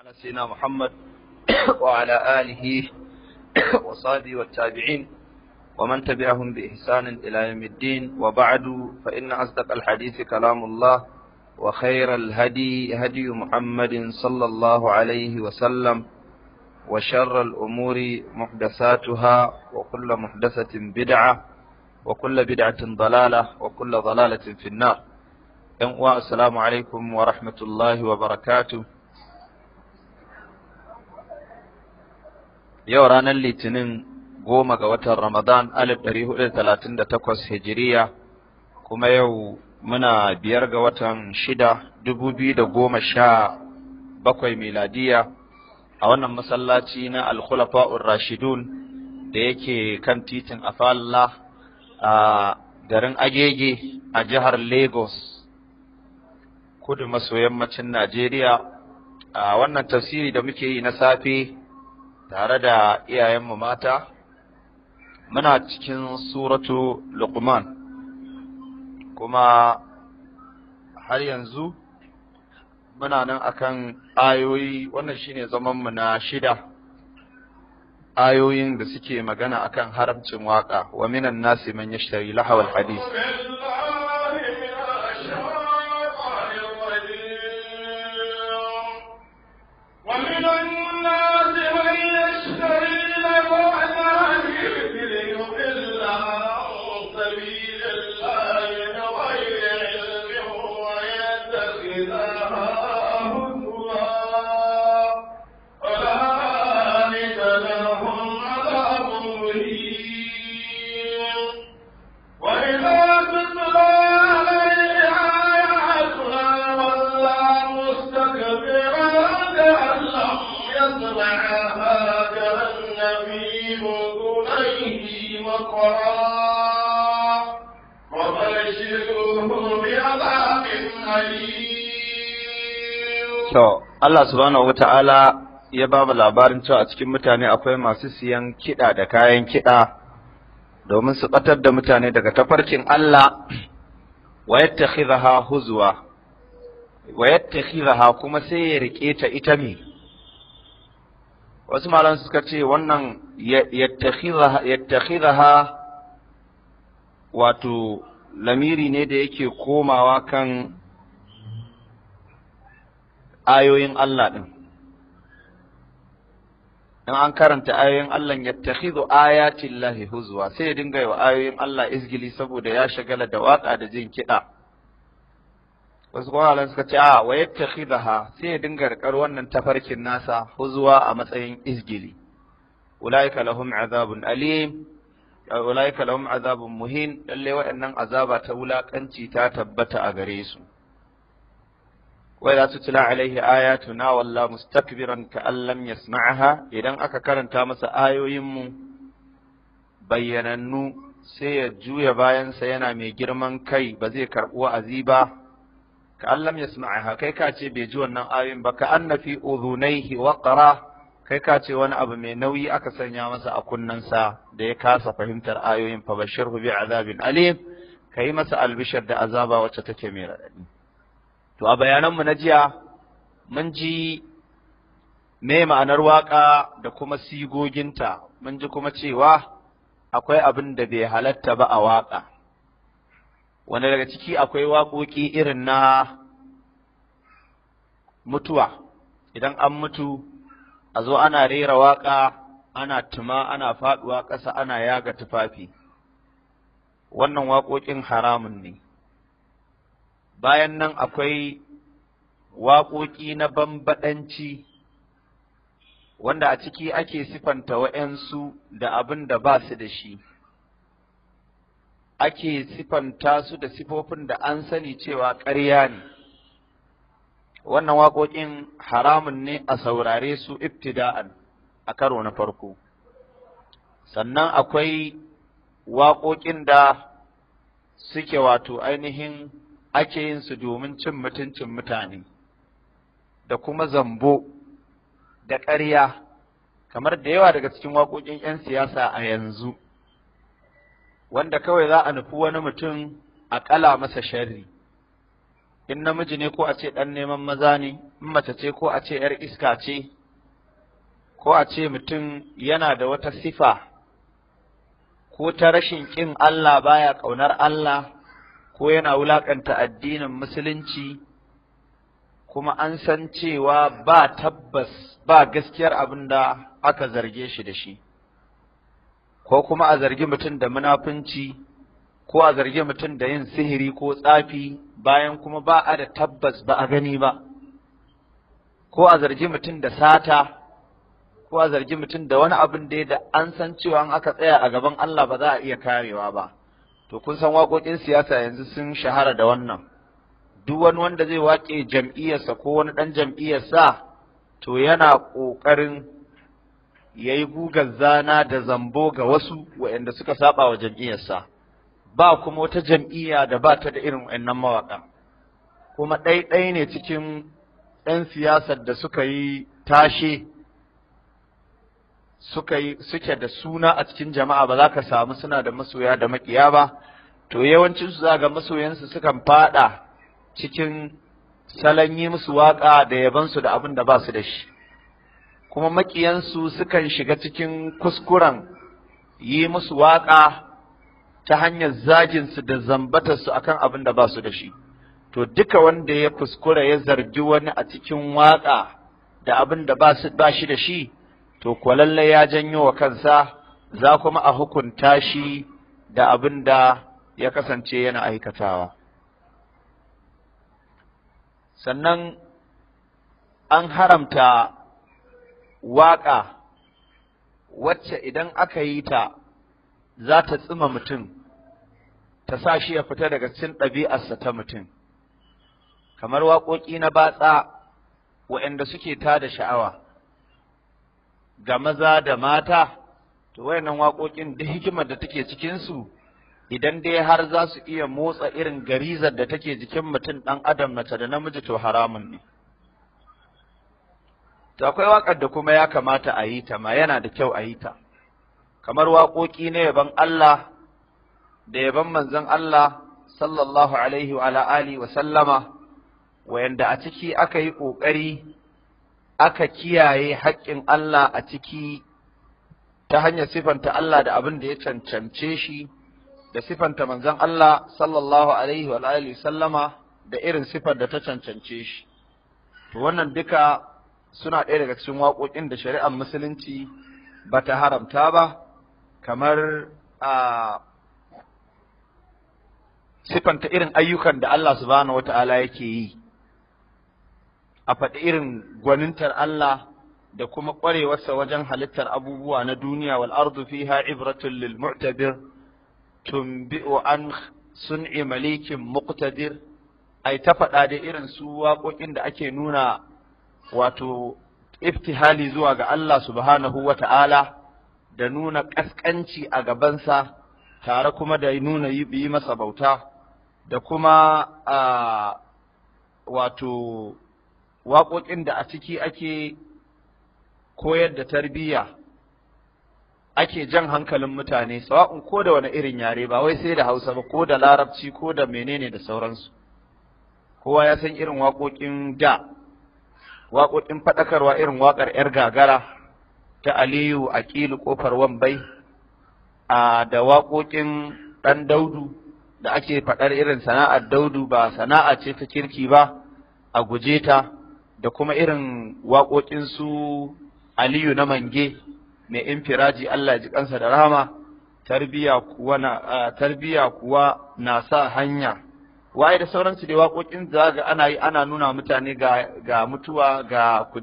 على سيدنا محمد وعلى آله وصحبه والتابعين ومن تبعهم بإحسان إلى يوم الدين وبعد فإن أصدق الحديث كلام الله وخير الهدي هدي محمد صلى الله عليه وسلم وشر الأمور محدثاتها وكل محدثة بدعة وكل بدعة ضلالة وكل ضلالة في النار. السلام عليكم ورحمة الله وبركاته. yau ranar litinin goma ga watan ramadan alif ɗari hudu talatin da takwas hijiriya kuma yau muna biyar ga watan shida dubu biyu da goma sha bakwai miladiya a wannan masallaci na alkhulafa'ur rashidun da yake kan titin afalla a garin agege a jihar lagos kudu maso yammacin najeriya a wannan tafsiri da muke yi na safe tare da iyayenmu mata muna cikin suratu luqman kuma har yanzu muna nan akan ayoyi wannan shine zamanmu na shida ayoyin da suke magana akan haramcin waƙa wa minan nasi man yashtari lahawal hadis Allah subhanahu wa ta'ala ya ba mu labarin cewa a cikin mutane akwai masu siyan kiɗa da kayan kiɗa domin su ɓatar da mutane daga tafarkin Allah wa yattakhidha huzwa wa yattakhidha kuma sai ya rike ta ita ne, wasu malam suka ce wannan yattakhidha yattakhidha wato lamiri ne da yake komawa kan ayoyin Allah ɗin. In an karanta ayoyin Allah ya takhidhu ayatin lahi huzwa sai ya dinga wa ayoyin Allah izgili saboda ya shagala da waƙa da jin kiɗa. Wasu kwanan suka ce, a wa ha sai ya dinga rikar wannan tafarkin nasa huzwa a matsayin izgili. Ulaika lahum azabun alim ulaika lahum azabun muhin lalle waɗannan azaba ta wulaƙanci ta tabbata a gare su. وإذا تتلى عليه آياتنا ولا مستكبرا كأن لم يسمعها إذا أكا كرن تامس آيو يمو بيننو سيجو يباين سينا مي جرمان كي بذيكر وأزيبا كأن لم يسمعها كي كاتي بيجو أن آيوين بكأن في أذنيه وقرا كي كاتي وانا أبو مينوي أكا سنيا مسا أكون ننسى دي كاسا فهمتر آيوين فبشره بعذاب أليم كي مسا البشر دا أزابا وتتكمير أليم to a bayananmu na jiya mun ji me ma'anar waƙa da kuma sigoginta mun ji kuma cewa akwai abin da bai halatta ba a waƙa wanda daga ciki akwai waƙoƙi irin na mutuwa idan an mutu a zo ana rera waƙa ana tuma ana faɗuwa ƙasa ana yaga tufafi wannan waƙoƙin haramun ne bayan nan akwai waƙoƙi na bambaɗanci wanda a ciki ake sifanta wa'yansu da abin da ba su da shi ake sifanta su da sifofin da an sani cewa ƙarya ne wannan waƙoƙin haramun ne a saurare su ibtida'an a karo na farko sannan akwai waƙoƙin da suke wato ainihin ake yin su domin cin mutuncin mutane da kuma zambo da ƙarya kamar da yawa daga cikin waƙoƙin 'yan siyasa a yanzu wanda kawai za a nufi wani mutum a ƙala masa sharri in namiji ne ko a ce ɗan neman maza ne in mace ce ko a ce 'yar iska ce ko a ce mutum yana da wata sifa ko ta rashin ƙin Allah baya ƙaunar Allah ko yana wulaƙanta addinin musulunci kuma an san cewa ba tabbas ba gaskiyar abin da aka zarge shi da shi ko kuma a zargi mutum da munafunci ko a zargi mutum da yin sihiri ko tsafi bayan kuma ba a da tabbas ba a gani ba ko a zargi mutum da sata ko a zargi mutum da wani abin da da an san cewa an aka tsaya a gaban Allah ba za a iya karewa ba to kun san waƙoƙin siyasa yanzu sun shahara da wannan duk wani wanda zai waƙe jam'iyyarsa ko wani ɗan jam'iyyarsa to yana ƙoƙarin ya yi gugar zana da zambo ga wasu waɗanda suka saba wa jam'iyyarsa ba kuma wata jam'iyya da ba ta da irin wa'annan mawaƙa kuma ɗaiɗai ne cikin ɗan siyasar da suka yi tashe suka yi suke da suna a cikin jama'a ba za ka samu suna da masoya da makiya ba to yawancin su za ga masoyansu sukan faɗa cikin salon yi musu waka da yabansu da abin da ba su da shi kuma makiyansu sukan shiga cikin kuskuren yi musu waka ta hanyar zaginsu da zambatarsu akan abin da ba su da shi to duka wanda ya kuskura ya zargi wani a cikin waka da abin da ba shi da shi to kwalalle ya janyo wa kansa za kuma a hukunta shi da abin da ya kasance yana aikatawa sannan an haramta waƙa wacce idan aka yi ta za ta tsima mutum ta sa shi ya fita daga cikin ɗabi'arsa ta mutum kamar waƙoƙi na batsa wa'anda suke ta da sha'awa ga maza da mata to wayannan waƙoƙin da hikimar da take cikin su idan dai har za su iya motsa irin garizar da take jikin mutum ɗan adam mace da namiji to haramun ne to akwai waƙar da kuma ya kamata a yi ta ma yana da kyau a yi ta kamar waƙoƙi na yaban Allah da yaban manzon Allah sallallahu alaihi wa alihi wa sallama wayanda a ciki aka yi ƙoƙari aka kiyaye haƙƙin Allah a ciki ta hanyar sifanta Allah da abin da ya cancance shi da sifanta manzon Allah sallallahu alaihi wa alihi sallama da irin sifar da ta cancance shi to wannan duka suna ɗaya daga cikin waƙoƙin da shari'ar musulunci ba ta haramta ba kamar a sifanta irin ayyukan da Allah subhanahu wata'ala yake yi a faɗi irin gwanintar Allah da kuma ƙwarewarsa wajen halittar abubuwa na duniya wal ardu fiha ibratun lil mu'tabir tunbi'u an sun'i malikin muqtadir ai ta faɗa da irin su waƙoƙin da ake nuna wato iftihali zuwa ga Allah subhanahu wa da nuna ƙasƙanci a gabansa tare kuma da nuna yi masa bauta da kuma ah, wato waƙoƙin da a ciki ake koyar da tarbiyya ake jan hankalin mutane sawa'un ko da wani irin yare ba wai sai da hausa ba ko da larabci ko da menene da sauransu kowa ya san irin waƙoƙin da waƙoƙin faɗakarwa irin waƙar 'yar gagara ta aliyu a Kofar, ƙofar wambai a da waƙoƙin ɗan daudu da ake faɗar irin sana'ar daudu ba sana'a ce ta kirki ba a guje ta da kuma irin waƙoƙinsu Aliyu na Mange mai infiraji Allah ji kansa da rahama tarbiya kuwa na sa hanya waye da sauransu da waƙoƙin da ga ana yi ana nuna mutane ga mutuwa ga ku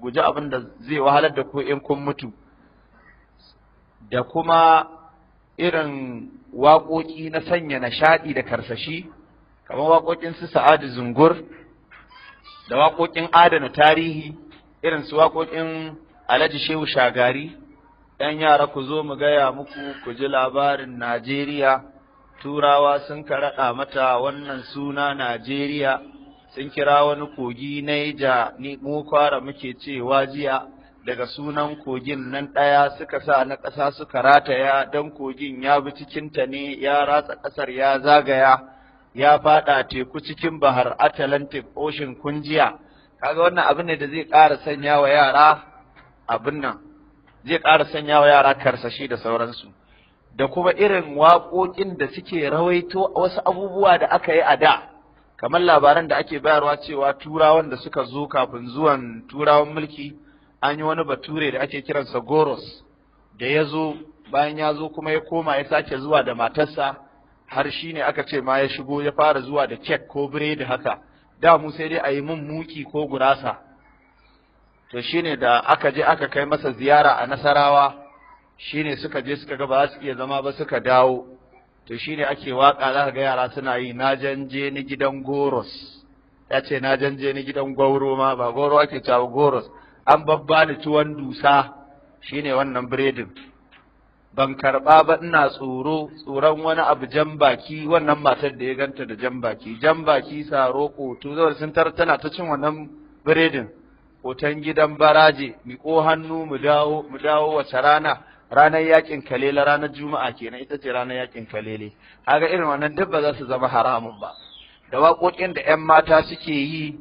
guji abin da zai wahalar da ku in kun mutu da kuma irin waƙoƙi na sanya nishaɗi da karsashi kamar waƙoƙin su Sa'adu Zungur da waƙoƙin adana tarihi irin su waƙoƙin Alhaji Shehu Shagari ‘yan yara ku zo mu gaya muku ku ji labarin Najeriya turawa sun karaɗa mata wannan suna Najeriya sun kira wani kogi Naija ni mu fara muke cewa jiya daga sunan kogin nan ɗaya suka sa na ƙasa suka rataya don kogin ya bi cikinta ne ya ratsa ƙasar ya zagaya ya faɗa teku cikin bahar Atlantic Ocean kunjiya kaga wannan abin ne da zai ƙara sanya wa yara abin nan zai ƙara sanya wa yara karsashi da sauransu da kuma irin waƙoƙin da suke rawaito wasu abubuwa da aka yi a da kamar labaran da ake bayarwa cewa turawan da suka zo kafin zuwan turawan mulki an yi wani bature da ake kiransa goros da ya zo bayan ya zo kuma ya koma ya sake zuwa da matarsa har shi ne aka ce ma ya shigo ya fara zuwa da kek ko biredi haka da mu sai dai a yi mun muki ko gurasa to shi ne da aka je aka kai masa ziyara a nasarawa shi ne suka je suka ga ba su iya zama ba suka dawo to shi ne ake waƙa za ka ga yara suna yi na janje ni gidan goros ya ce na janje ni gidan gauro ma ba goro ake cewa goros an babba da tuwon dusa shi ne wannan biredin ban karɓa ba ina tsoro tsoron wani abu jan baki wannan matar da ya ganta da jan baki jan baki saro koto zawar sun tana ta cin wannan biredin hoton gidan baraje miƙo hannu mu dawo mu dawo wace rana ranar yakin kalele ranar juma'a kenan ita ce ranar yakin kalele kaga irin wannan duk ba za su zama haramun ba da waƙoƙin da ƴan mata suke yi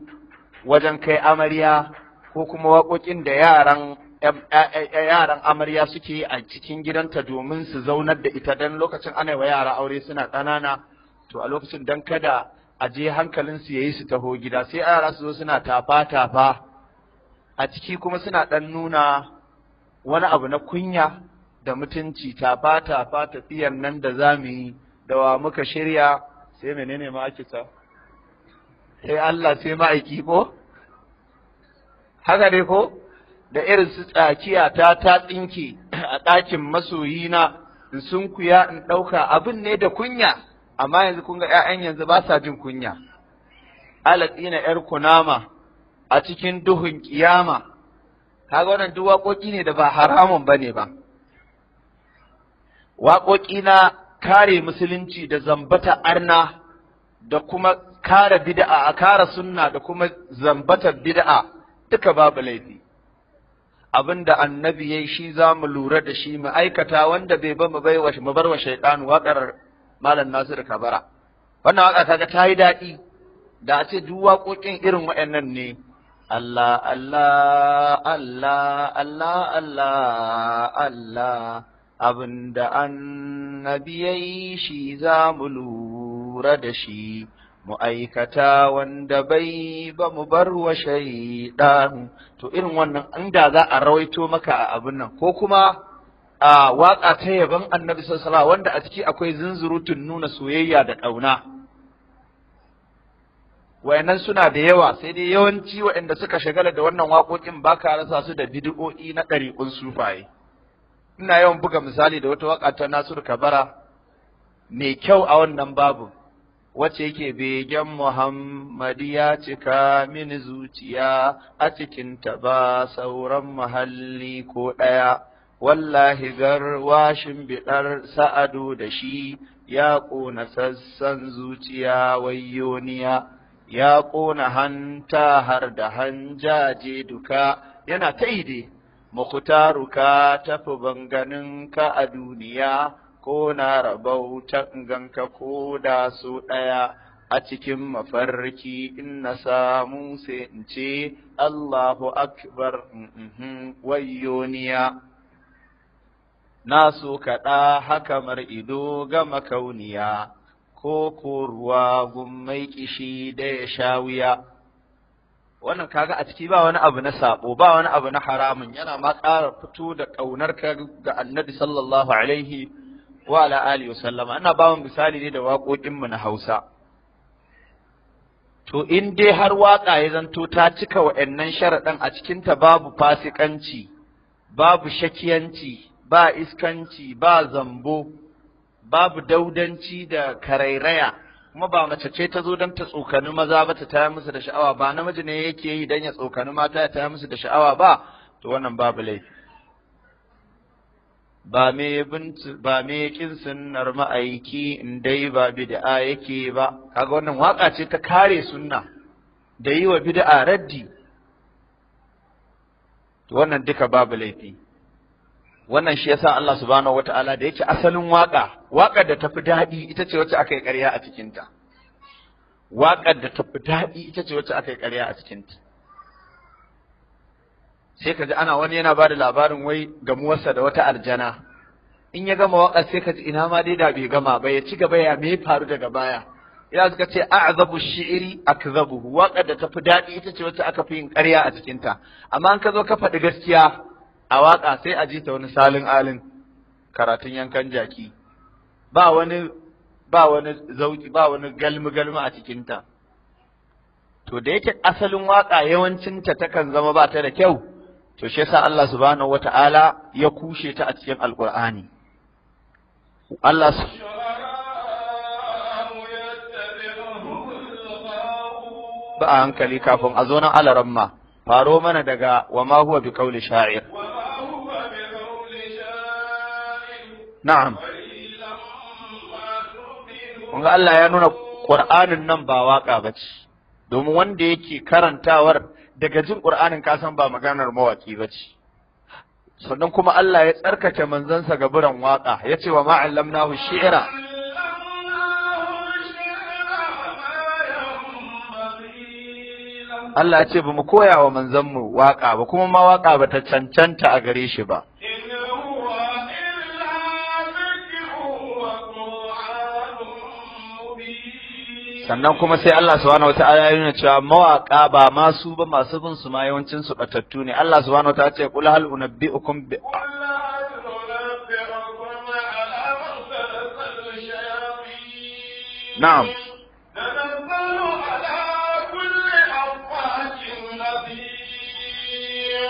wajen kai amarya ko kuma waƙoƙin da yaran yaran amarya suke a cikin gidanta domin su zaunar da ita dan lokacin ana wa yara aure suna ƙanana to a lokacin dan kada a je hankalin su yayi su taho gida sai yara su zo suna tafa tafa a ciki kuma suna dan nuna wani abu na kunya da mutunci tafa tafa tafiyan nan da zamu yi da wa muka shirya sai menene ma ake ta sai Allah sai ma'aiki ko haka dai ko da irin su tsakiya ta ta tsinke a ɗakin masoyina in sun kuya in ɗauka abin ne da kunya amma yanzu kun ga 'ya'yan yanzu ba sa jin kunya alatsina 'yar kunama a cikin duhun ƙiyama. kaga wannan duk waƙoƙi ne da ba haramun ba ne ba waƙoƙi na kare musulunci da zambata arna da kuma kare bid'a a kare sunna da kuma zambatar bid'a duka babu laifi abin da annabi ya yi shi za mu lura da shi mu aikata wanda bai ba mu bai wa mu bar wa shaytan waƙar malam Nasiru Kabara wannan waƙa kaga ta yi daɗi da a ce duk waƙoƙin irin waɗannan ne Allah Allah Allah Allah Allah Allah abin da annabi ya yi shi za mu lura da shi ma'aikata wanda bai ba mu bar wa shaidan to irin wannan inda za a rawaito maka a abin nan ko kuma a waƙa ta yaban annabi sallallahu wanda a ciki akwai zunzurutun nuna soyayya da ƙauna wayannan suna da yawa sai dai yawanci waɗanda suka shagala da wannan waƙoƙin ba ka rasa su da bid'o'i na ɗariƙun sufaye ina yawan buga misali da wata waka ta Nasiru Kabara mai kyau a wannan babu Wace ke begen Muhammadu ya cika mini zuciya a cikinta ba sauran mahalli ko ɗaya, wallahi garwashin biɗar sa'adu da shi ya ƙona sassan zuciya wayyoniya, ya ƙona hanta har da hanjaje duka yana taide, mukutaruka tafi ka a duniya. ko na rabauta ganka ko da su ɗaya a cikin mafarki in na samu sai in ce Allahu akbar mm-hmm, wayyoniya na so kaɗa haka ido ga makauniya ko ko ruwa gummai kishi da ya sha wuya wannan kaga a ciki ba wani abu na sabo ba wani abu na haramun yana ma ƙara fito da ƙaunar ka ga annabi sallallahu alaihi wa ala alihi wasallama ina ba mu misali ne da waƙoƙin mu na Hausa to in dai har waƙa ya zanto ta cika wa'annan sharaɗan a cikin ta babu fasikanci babu shakiyanci ba iskanci ba zambo babu daudanci da karairaya kuma ba mace ce ta zo don ta tsokani maza ba ta taya musu da sha'awa ba namiji ne yake yi don ya tsokani mata ya taya musu da sha'awa ba to wannan babu laifi ba me kin sunnar ma'aiki in dai ba bid'a yake ba kaga wannan waka ce ta kare sunna da yi wa bid'a raddi to wannan duka babu laifi wannan shi yasa Allah subhanahu wataala da yake asalin waka waka da tafi daɗi ita ce wacce aka yi ƙarya a cikinta waƙar da tafi daɗi ita ce wacce aka yi ƙarya a cikinta sai ka ji ana wani yana ba da labarin wai gamuwarsa da wata aljana in ya gama waƙar sai ka ji ina ma dai da bai gama ba ya ci gaba ya me faru daga baya ina suka ce a'zabu shi'iri akzabuhu Waƙar da ta fi daɗi ita ce wacce aka fi yin ƙarya a cikin amma in ka zo ka faɗi gaskiya a waƙa sai a ji ta wani salin alin karatun yankan jaki ba wani ba wani zauki ba wani galmi galmi a cikin to da yake asalin waƙa yawancinta takan zama ba ta da kyau to shi yasa Allah subhanahu wata'ala ya kushe ta a cikin alqur'ani Allah ba a hankali kafin a zo nan alaramma faro mana daga wa ma huwa bi qawli sha'ir na'am ga Allah ya nuna Qur'anin nan ba waka bace domin wanda yake karantawar daga jin Qur'anin ka san ba maganar mawaki ba ce sannan kuma Allah ya tsarkake manzansa ga buran waka ya ce wa ma'allamnahu shi'ira. Allah ya ce ba mu koya wa manzanmu waka ba kuma ma waƙa ba ta cancanta a gare shi ba sannan kuma sai Allah subhanahu wata'ala ya nuna cewa mawaka ba ma su ba masu bin su ma yawancin su batattu ne Allah subhanahu wata'ala ce qul hal unabbi'ukum bi Na'am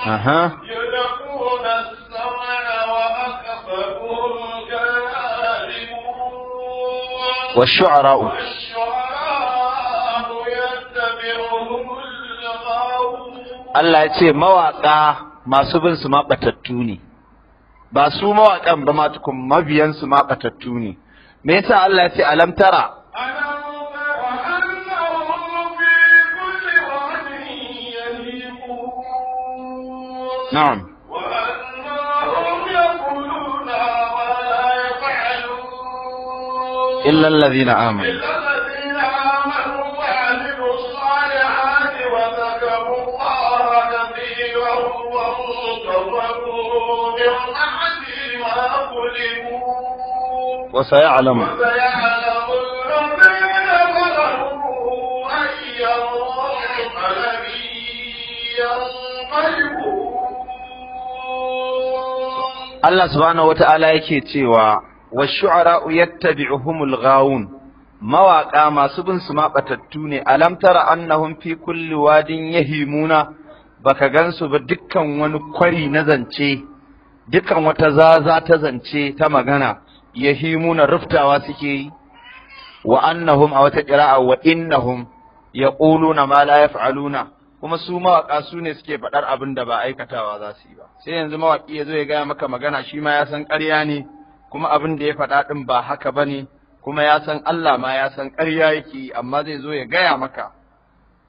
Aha والشعراء Allah ya ce mawaƙa masu bin su maɓatattu ne ba su mawaƙan ba ma tukun mabiyan su maɓatattu ne me yasa Allah ya ce alam tara إلا الذين وسيعلم Allah subhanahu wata'ala yake cewa wa shu'ara'u yattabi'uhumul ghawun mawaƙa masu bin su maɓatattu ne alam tara annahum fi kulli wadin yahimuna baka gansu ba dukkan wani kwari na zance dukkan wata zaza ta zance ta magana yahimuna ruftawa suke yi wa annahum a wata qira'a wa innahum yaquluna ma la yaf'aluna kuma su mawaƙa su ne suke faɗar abin da ba aikatawa za su yi ba sai yanzu mawaki ya zo ya gaya maka magana shi ma ya san ƙarya ne kuma abin da ya faɗa ɗin ba haka ba ne kuma ya san Allah ma ya san ƙarya yake amma zai zo ya gaya maka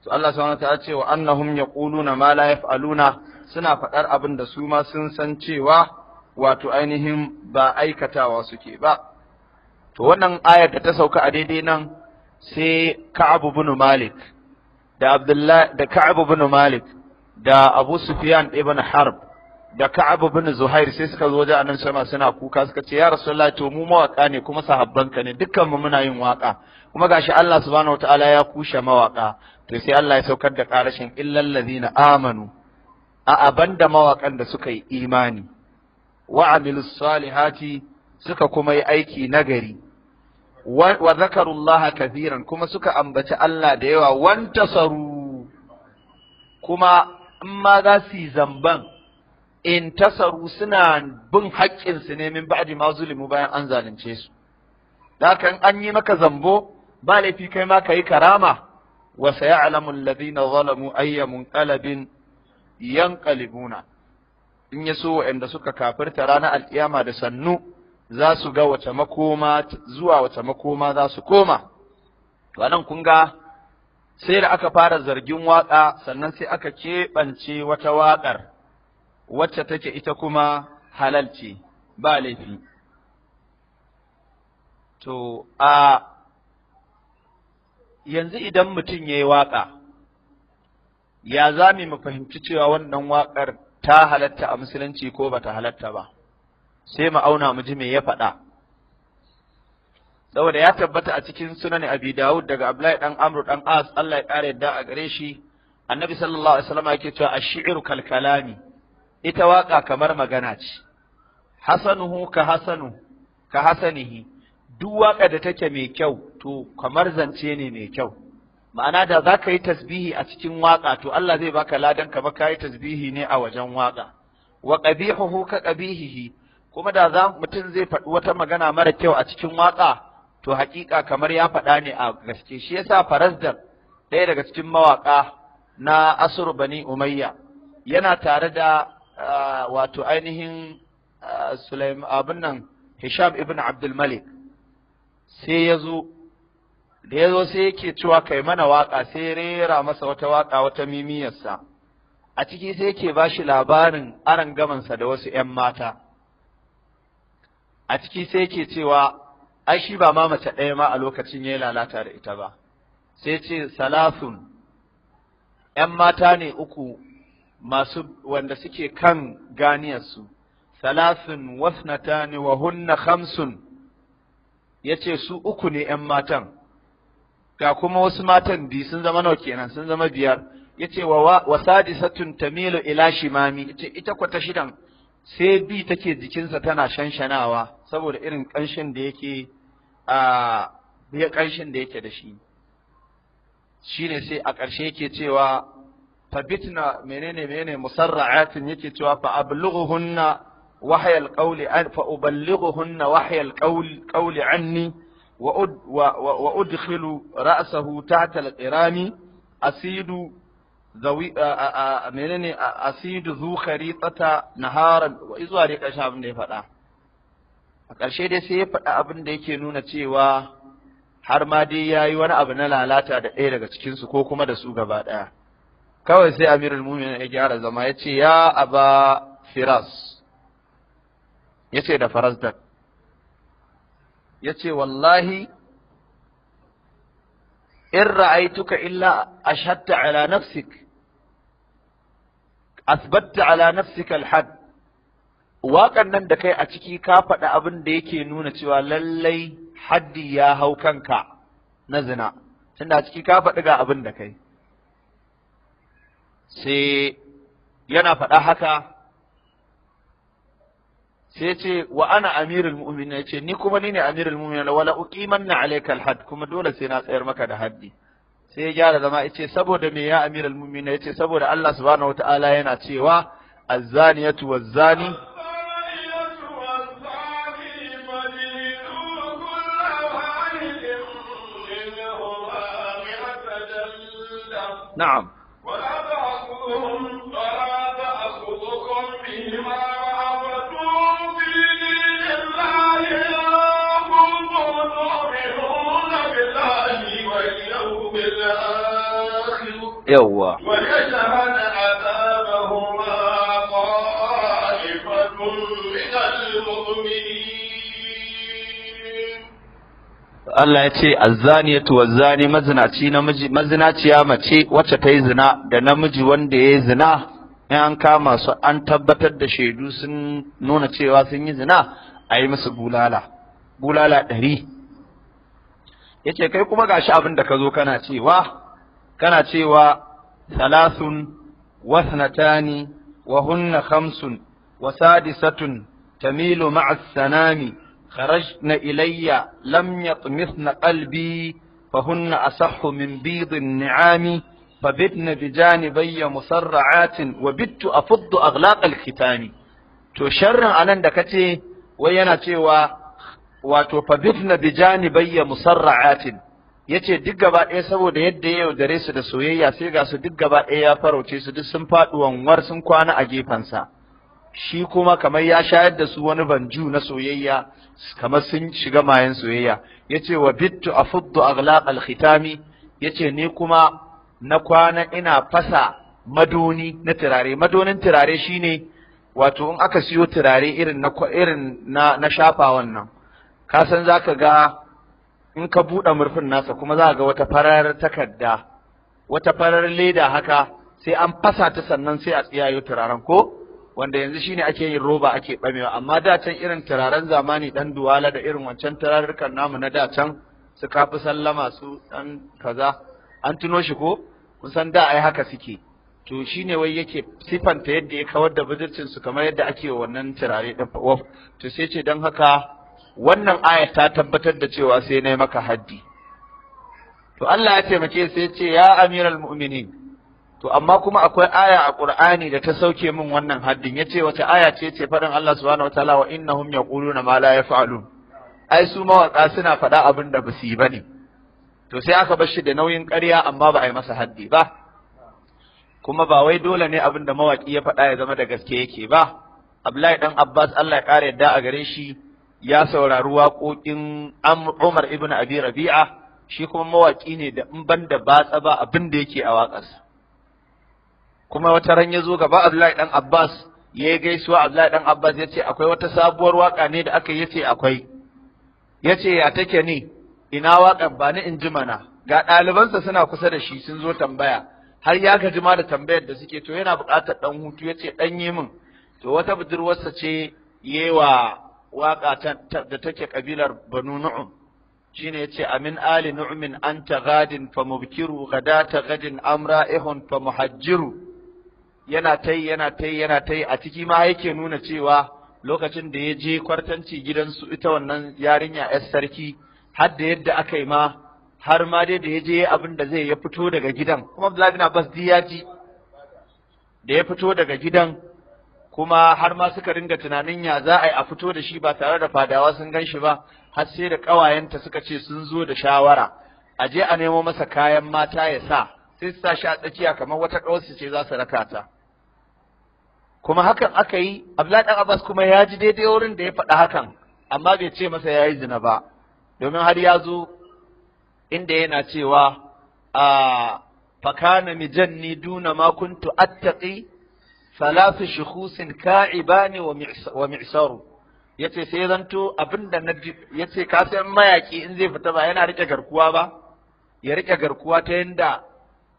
to Allah subhanahu wa ce wa annahum yaquluna ma la yaf'aluna suna faɗar abin da su ma sun san cewa wato ainihin ba aikatawa suke ba to wannan ayar da ta sauka a daidai nan sai Ka'ab ibn Malik da Abdullah da Ka'ab ibn Malik da Abu Sufyan ibn Harb da Ka'ab ibn Zuhair sai suka zo wajen Annabi sama suna kuka suka ce ya Rasulullahi to mu mawaka ne kuma ka ne dukkan mu muna yin waka kuma gashi Allah subhanahu wataala ya kushe mawaka to sai Allah ya saukar da karashin illal ladina amanu a abanda mawakan da suka yi imani wa amilu salihati suka kuma yi aiki nagari wa zakarullaha kathiran kuma suka ambaci Allah da yawa wantasaru kuma in ma za su yi zamban in tasaru suna bin haƙƙinsu ne min ba'di ma zulimu bayan an zalunce su da kan an yi maka zambo ba laifi kai ma yi karama wa sayalamu alladhina zalamu ayyamun qalbin yanqalibuna in ya so waɗanda suka kafirta ranar alkiyama da sannu za su ga wace makoma zuwa wace makoma za su koma to nan kun ga sai da aka fara zargin waƙa sannan sai aka keɓance wata waƙar wacce take ita kuma halal ce ba laifi to a yanzu idan mutum ya yi waƙa ya za mu fahimci cewa wannan waƙar ta halatta a musulunci ko bata halatta ba sai mu auna mu ji me ya faɗa saboda ya tabbata a cikin sunan abi dawud daga abdullahi dan amru dan as Allah ya ƙara da a gare shi annabi sallallahu alaihi wasallam yake cewa ash-shi'ru kal kalami ita waka kamar magana ce hasanuhu ka hasanu ka hasanihi duk waka da take mai kyau to kamar zance ne mai kyau ma'ana da za ka yi tasbihi a cikin waƙa to Allah zai baka ladan ka ba ka yi tasbihi ne a wajen waƙa wa qabihuhu ka qabihihi kuma da za mutum zai faɗi wata magana mara kyau a cikin waƙa to haƙiƙa kamar ya faɗa ne a gaske shi yasa farazdar ɗaya daga cikin mawaƙa na Asr Bani Umayya yana tare da wato ainihin Sulaiman abin nan Hisham ibn Abdul Malik sai ya zo da ya zo sai yake cewa kai mana waka, sai ya rera masa wata waka, wata mimiyarsa a ciki sai yake ba shi labarin aran gamansa da wasu ‘yan mata a ciki sai yake cewa ai shi ba ma mace ɗaya ma a lokacin ya lalata da ita ba sai ce salafin ‘yan mata ne uku masu wanda suke kan ganiyarsu salafun ne wa hunna khamsun ya ce su uku ne ‘yan matan ga kuma wasu matan biyu sun zama nawa kenan sun zama biyar yace wa wasadisatun tamilu ila shimami yace ita kwata shidan sai bi take jikinsa tana shanshanawa saboda irin kanshin da yake a ya kanshin da yake da shi shine sai a ƙarshe yake cewa fa fabitna menene menene musarra'atin yake cewa fa ablughuhunna wahya alqawli fa uballighuhunna qawli qawli anni Wa'udu filu, ra'asahu, tatal, tsirani, asidu, zaui menene asidu, zukari, tsata, naharan, izu waɗai ƙarshe abin da ya faɗa, a ƙarshe dai sai ya faɗa abin da ya nuna cewa har ma dai yayi wani abu na lalata da ɗaya daga cikinsu ko kuma da su gaba ɗaya, kawai sai abin rumen ya gyara zama yace ce ya aba firas ya da faransat. ya ce wallahi in ra'aituka illa ashadta ala nafsik asbatta ala nafsika alhad waƙan nan da kai a ciki ka faɗi abin da yake nuna cewa lallai haddi ya hau kanka na zina tunda a ciki ka faɗi ga abin da kai sai yana faɗa haka sai ce wa ana amirul mu'minin ya ce ni kuma ni ne amirul mu'minin wala uqimanna alayka alhad kuma dole sai na tsayar maka da haddi sai ya gyara zama ya ce saboda me ya amirul mu'minin ya ce saboda Allah subhanahu wataala yana cewa azzaniyatu wazzani na'am yawwa Allah ya ce azzaniyatu wazzani mazinaci namiji mazinaciya mace wacce ta yi zina da namiji wanda ya yi zina in an kama su an tabbatar da shaidu sun nuna cewa sun yi zina a yi musu bulala bulala ɗari ya ce kai kuma gashi abin da ka zo kana cewa kana cewa salasun wasnatani wa hunna khamsun wa sadisatun tamilu ma'a sanami kharajna ilayya lam yatmithna qalbi fa hunna asahhu min bidin ni'ami fabidna bijanibayya musarra'atin wa bittu afuddu aghlaq alkhitani to sharran anan da kace wai yana cewa wato fabidna bijanibayya musarra'atin ya ce duk gaba ɗaya saboda yadda ya yaudare su da soyayya sai ga su duk gaba ɗaya ya farauce su duk sun faɗi wanwar sun kwana a gefensa shi kuma kamar ya shayar da su wani banju na soyayya kamar sun shiga mayan soyayya ya ce wa bittu a fuddu aghlaq alkhitami ya ce ni kuma na kwana ina fasa madoni na turare madonin turare shine wato in aka siyo turare irin na na, na shafa wannan ka san zaka ga in ka buɗe murfin nasa kuma za ga wata farar takarda wata farar leda haka sai an fasa ta sannan sai a tsiyayo turaren ko wanda yanzu shine ake yin roba ake bamewa amma da can irin turaren zamani dan duwala da irin wancan turarrukan namu na da can su kafi sallama su dan kaza an tuno shi ko kun san da ai haka suke to shine wai yake sifanta yadda ya kawar da budurcin su kamar yadda ake wannan turare din to sai ce dan haka wannan aya ta tabbatar da cewa sai na maka haddi to Allah ya taimake sai ya ce ya amiral mu'minin to amma kuma akwai aya a Qur'ani da ta sauke min wannan haddin yace wace aya ce ce faɗin Allah subhanahu wataala wa innahum yaquluna ma la yaf'alun ai su mawaka suna faɗa abin da basu yi bane to sai aka bar shi da nauyin ƙarya amma ba a yi masa haddi ba kuma ba wai dole ne abin da mawaki ya faɗa ya zama da gaske yake ba Abdullahi dan Abbas Allah ya ƙara yadda a gare shi ya saurari waƙoƙin Umar ibn Abi Rabi'a shi kuma mawaƙi ne da in ban da batsa ba abin da yake a waƙas. kuma wata ran ya zo gaba Abdullahi dan Abbas ya gaisuwa Abdullahi dan Abbas ya ce akwai wata sabuwar waƙa ne da aka yi ya ce akwai ya ce ya take ni ina waƙar ba ni in ji mana ga ɗalibansa suna kusa da shi sun zo tambaya har ya ga ma da tambayar da suke to yana buƙatar ɗan hutu ya ce ɗan yi min to wata budurwarsa ce yewa waƙa da take kabilar banu nu'um shine yace amin ali nu'min anta gadin fa mubkiru gadata gadin ihun fa muhajjiru yana tai yana tai yana tai a ciki ma yake nuna cewa lokacin da ya je kwartanci gidansu ita wannan yarinya yar sarki har da yadda aka yi ma har ma dai da ya je abin da zai ya fito daga gidan kuma Abdullahi bin Abbas ya da ya fito daga gidan kuma har ma suka ringa tunanin ya za a yi a fito da shi ba tare da fadawa sun gan shi ba har sai da ƙawayenta suka ce sun zo da shawara a je a nemo masa kayan mata ya sa sai su sa shi a tsakiya kamar wata ƙawarsu ce za su raka ta kuma hakan aka yi Abdullahi dan Abbas kuma ya ji daidai wurin da ya faɗa hakan amma bai ce masa ya yi zina ba domin har ya zo inda yana cewa a fakana mijanni duna ma kuntu attaqi ثلاث شخوص ka'ibani wa yace sai zanto na yace ka san mayaki in zai fita ba yana rike garkuwa ba ya rike garkuwa ta yanda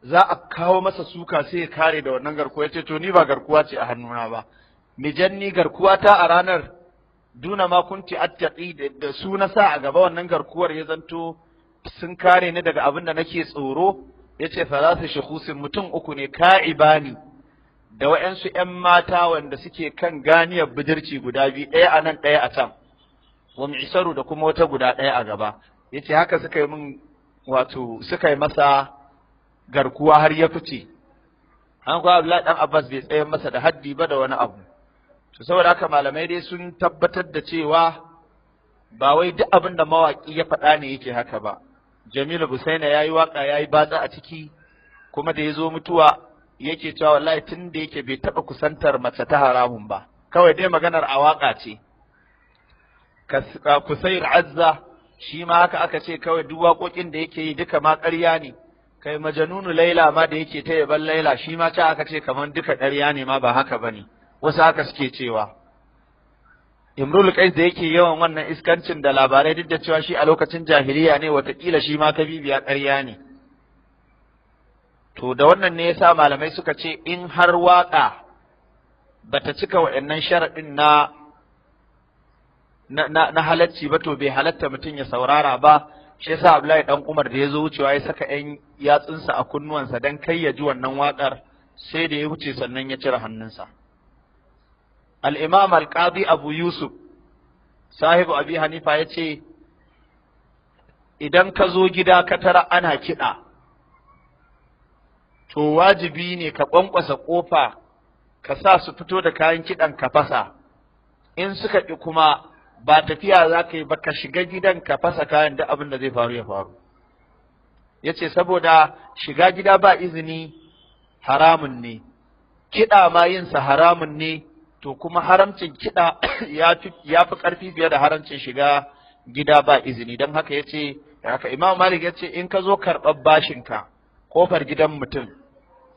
za a kawo masa suka sai ya kare da wannan garkuwa yace to ni ba garkuwa ce a hannuna ba mijanni garkuwa ta a ranar duna ma kunti attaqi da su na sa a gaba wannan garkuwar ya zanto sun kare ni daga abin da nake tsoro yace salatu shukhusin mutum uku ne ka'ibani da wa'yansu ‘yan mata wanda suke kan ganiyar budurci guda biyu ɗaya a nan ɗaya a can, wa isaru da kuma wata guda ɗaya a gaba, ya ce haka suka yi min wato suka yi masa garkuwa har ya fice, an kuwa Abdullahi ɗan Abbas bai tsaye masa da haddi ba da wani abu. To saboda haka malamai dai sun tabbatar da cewa ba wai duk abin da mawaƙi ya faɗa ne yake haka ba. Jamilu Busaina ya yi waƙa ya yi batsa a ciki kuma da ya zo mutuwa yake cewa wallahi tun da yake bai taɓa kusantar mace ta haramun ba kawai dai maganar a waƙa ce kusayir azza shi ma haka aka ce kawai duk waƙoƙin da yake yi duka ma ƙarya ne kai majanunu laila ma da yake ta yaban laila shi ma ta aka ce kamar duka ƙarya ne ma ba haka bane wasu haka suke cewa imrul qais da yake yawan wannan iskancin da labarai duk da cewa shi a lokacin jahiliya ne watakila shi ma kabibiya ƙarya ne to da wannan ne yasa malamai suka ce in har waƙa ta cika wa'annan sharaɗin na na na halacci ba to bai halatta mutum ya saurara ba shi yasa Abdullahi dan Umar da ya zo wucewa ya saka ƴan yatsunsa a kunnuwansa dan kai ya ji wannan waƙar sai da ya wuce sannan ya cire hannunsa al-Imam al-Qadi Abu Yusuf sahibu Abi Hanifa ya ce idan ka zo gida ka tara ana kiɗa to wajibi ne ka ƙwanƙwasa ƙofa ka sa su fito da kayan kiɗan ka fasa in suka ƙi kuma ba tafiya za ka yi ba ka shiga gidan ka fasa kayan da abin da zai faru ya faru ya ce saboda shiga gida ba izini haramun ne kiɗa ma yinsa haramun ne to kuma haramcin kiɗa ya fi ƙarfi fiye da haramcin shiga gida ba izini don haka ya ce haka imam malik ya ce in ka zo karɓar bashinka kofar gidan mutum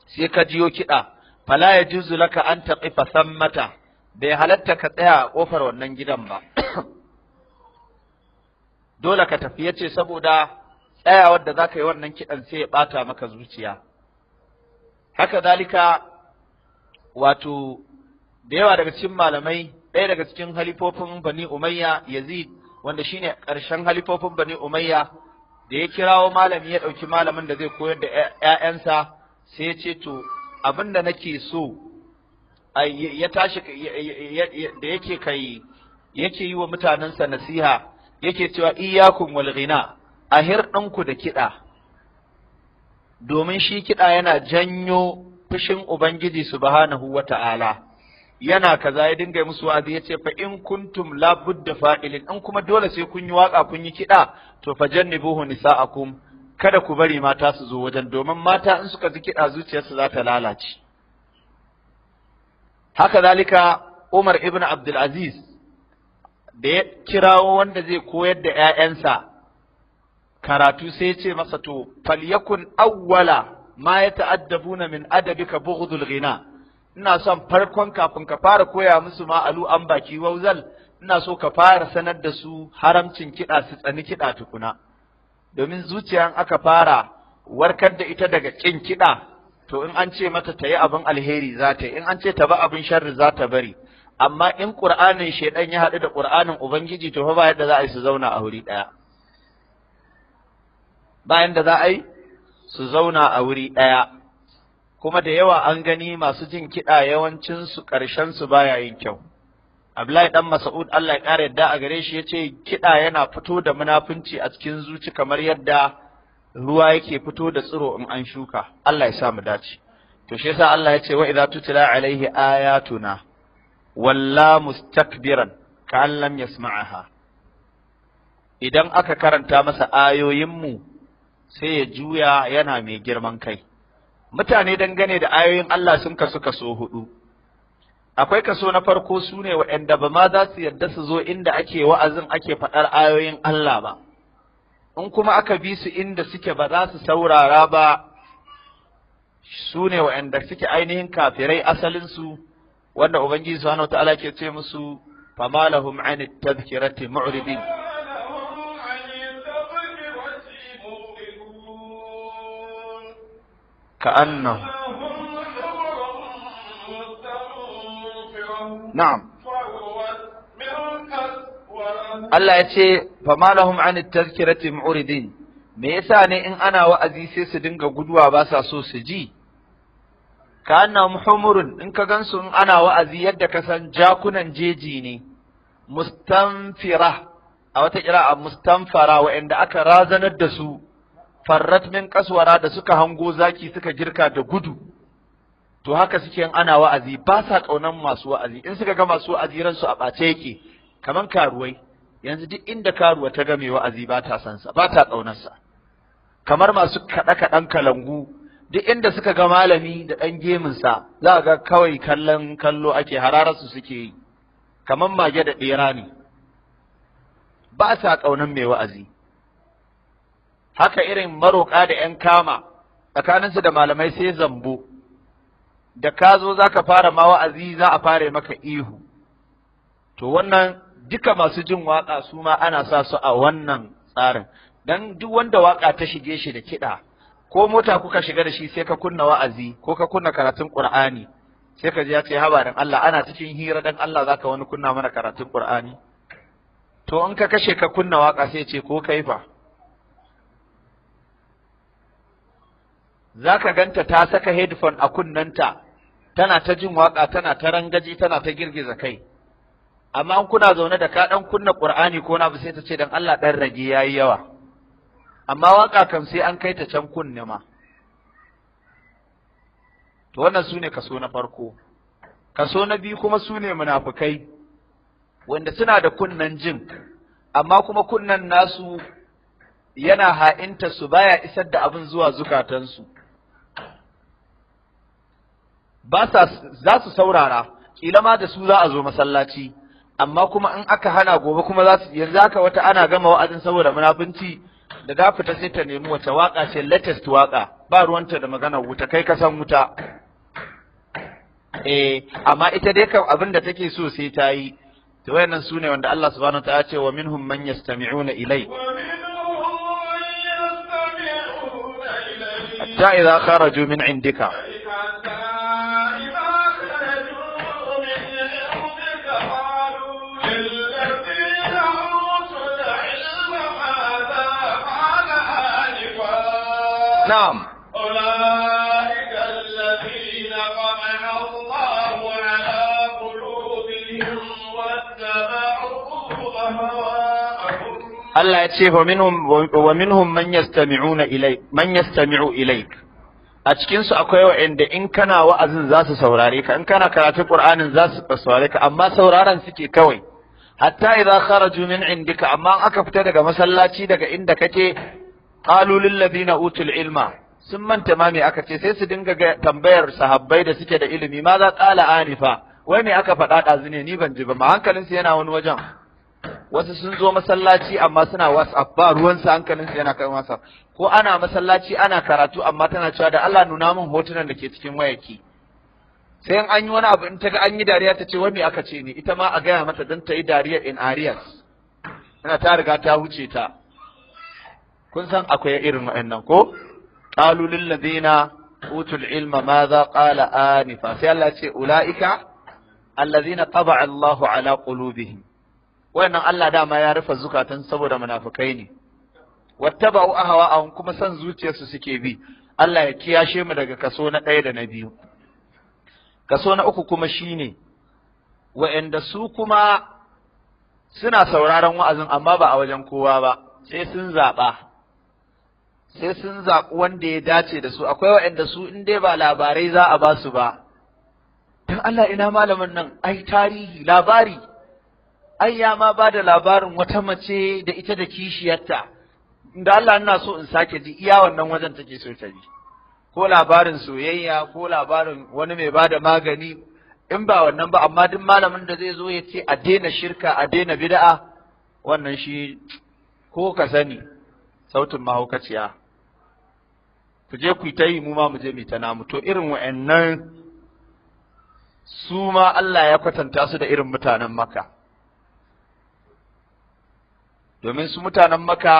sai ka jiyo kiɗa fala ya juzu laka an ƙifa sammata bai halatta ka tsaya a kofar wannan gidan ba dole ka tafi ce saboda tsayawar da ka yi wannan kiɗan sai ya bata maka zuciya haka zalika wato da yawa daga cikin malamai ɗaya daga cikin halifofin Bani Umayya Yazid wanda shine ƙarshen halifofin Bani Umayya da ya kirawo malami ya ɗauki malamin da zai koyar da ‘ya'yansa sai ya ce to abin da nake so ya tashi da yake kai yake yi wa mutanensa nasiha yake cewa iyakun walghina a hirɗinku da kiɗa domin shi kiɗa yana janyo fushin Ubangiji subhanahu wa ta'ala. yana kaza ya dinga musu wa'azi yace fa in kuntum la budda fa'ilin in kuma dole sai kun yi waka kun yi kida to fajannibuhu nisa'akum kada ku bari mata su zo wajen domin mata in suka ji kida zuciyarsu za ta lalace haka zalika Umar ibn Abdul Aziz da ya kirawo wanda zai koyar da ƴaƴansa karatu sai ya ce masa to falyakun awwala ma yata'addabuna min adabika bughdul ghina ina son farkon kafin ka fara koya musu ma alu an baki wauzal ina so ka fara sanar da su haramcin kiɗa su tsani kiɗa tukuna domin zuciya aka fara warkar da ita daga kin kiɗa to in an ce mata ta yi abin alheri za ta yi in an ce ta ba abin sharri za ta bari amma in ƙur'anin shaidan ya haɗu da ƙur'anin ubangiji to fa ba yadda za a yi su zauna a wuri ɗaya bayan da za a yi su zauna a wuri ɗaya kuma da yawa an gani masu jin kiɗa yawancinsu ƙarshensu baya yin kyau Abdullahi ɗan Masa'ud Allah ya ƙara yadda a gare shi yace kiɗa yana fito da munafunci a cikin zuci kamar yadda ruwa yake fito da tsiro in an shuka Allah ya sa mu dace to shi yasa Allah yace wa idza tutla alaihi ayatuna walla mustakbiran ka'an lam yasma'aha idan aka karanta masa ayoyinmu sai ya juya yana mai girman kai mutane dangane da ayoyin Allah sun kasu kaso hudu akwai kaso na farko su ne waɗanda ba ma za su yarda su zo inda ake wa'azin ake faɗar ayoyin Allah ba in kuma aka bi su inda suke ba za su saurara ba su ne waɗanda suke ainihin kafirai asalinsu wanda Ubangiji subhanahu wa ta'ala ke ce musu famalahum anit tadhkirati mu'ridin كأنه نعم Allah ya ce, Fama lahum anit tazkirati mu'ridin me yasa ne in ana wa'azi sai su dinga guduwa ba sa so su ji? Ka anna muhammurun in ka gansu in ana wa'azi yadda ka san jakunan jeji ne, mustanfira a wata kira a mustanfara wa'anda aka razanar da su farrat min kaswara da suka hango zaki suka girka da gudu to haka suke ana wa'azi ba sa kaunan masu wa'azi in suka ga masu wa'azi ransu a ɓace yake kaman karuwai yanzu duk inda karuwa ta ga mai wa'azi ba ta san sa ba ta kaunar sa kamar masu kada kaɗan kalangu duk inda suka ga malami da ɗan gemin sa za ga kawai kallon kallo ake harararsu suke yi kaman mage da ɗera ne ba sa kaunan mai wa'azi haka irin maroƙa da ‘yan kama tsakaninsu da malamai sai zambo da ka zo za ka fara ma wa'azi za a fara maka ihu to wannan duka masu jin waƙa su ma ana sa su a wannan tsarin Don duk wanda waƙa ta shige shi da kiɗa ko mota kuka shiga da shi sai ka kunna wa'azi ko ka kunna karatun ƙur'ani, sai ka ji ya ce habarin Allah ana cikin hira dan Allah zaka wani kunna mana karatun Qur'ani to in ka kashe ka kunna waka sai ce ko kai fa za ka ganta ta saka headphone a kunnanta tana ta jin waƙa, tana ta rangaji tana ta girgiza kai amma in kuna zaune da ka ɗan kunna ƙur'ani ko na sai ta ce dan Allah ɗan rage ya yi yawa amma waƙa kam sai an kai ta can kunne ma to wannan su ne kaso na farko kaso na biyu kuma su ne munafukai wanda suna da kunnan jin amma kuma kunnan nasu yana ha'inta su baya isar da abin zuwa zukatansu ba za su saurara kila ma da su za a zo masallaci amma kuma in aka hana gobe kuma za su yanzu haka wata ana gama wa'azin saboda munafunci da ta fita sai ta nemi wata waka ce latest waka ba ruwanta da magana wuta kai ka san wuta eh amma ita dai kan abin da take so sai ta yi to wayannan sune wanda Allah subhanahu wa ta'ala ce wa minhum man yastami'una ilai hatta idza kharaju min indika نعم أولئك الذين قمع الله على قلوبهم واتبعوا هواءهم الله يتشيه ومنهم, ومنهم من يستمعون إليك من إليك a cikinsu akwai wa'anda in kana wa'azin za su saurare ka in kana karatun Qur'anin za su saurare ka amma sauraron suke kawai hatta idza kharaju min indika amma aka fita daga masallaci daga inda kake qalu lil ladina utul ilma sun manta ma me aka ce sai su dinga tambayar sahabbai da suke da ilimi ma za qala anifa wai me aka faɗa ɗazu ne ni ban ji ba ma su yana wani wajen wasu sun zo masallaci amma suna whatsapp ba hankalin su yana kan whatsapp ko ana masallaci ana karatu amma tana cewa da Allah nuna min hotunan da ke cikin wayaki sai an yi wani abu in ta ga an yi dariya ta ce wai me aka ce ni ita ma a gaya mata don ta yi dariya in arias tana ta riga ta huce ta kun san akwai irin wa'annan ko qalu lil ladina utul ilma madha qala anifa sai Allah ce ulaika alladhina taba Allahu ala qulubihim wayannan Allah dama ya rufe zukatan saboda munafikai ne wattaba'u an kuma san zuciyarsu suke bi Allah ya kiyashe mu daga kaso na ɗaya da na biyu kaso na uku kuma shine wa'anda su kuma suna sauraron wa'azin amma ba a wajen kowa ba sai sun zaɓa sai sun zaɓi wanda ya dace da su akwai waɗanda su in dai ba labarai za a ba su ba don Allah ina malamin nan ai tarihi labari ai ya ma ba da labarin wata mace da ita da kishiyarta da Allah ina so in sake ji iya wannan wajen take so ta ji ko labarin soyayya ko labarin wani mai ba da magani in ba wannan ba amma duk malamin da zai zo ya ce a daina shirka a daina bid'a wannan shi ko ka sani sautin mahaukaciya ku je ku ta yi mu ma mu je mu ta namu to irin wa'annan su ma Allah ya kwatanta su da irin mutanen maka domin su mutanen maka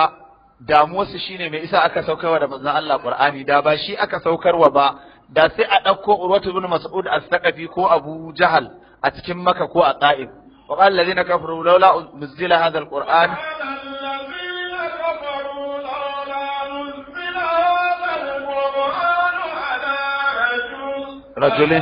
su shine mai isa aka saukarwa da manzon Allah Qur'ani da ba shi aka saukarwa ba da sai a ɗauko Urwatu bin Mas'ud as-Saqafi ko Abu Jahal a cikin maka ko a Ta'if wa qala allazina kafaru laula muzzila hadha al-Qur'an رجل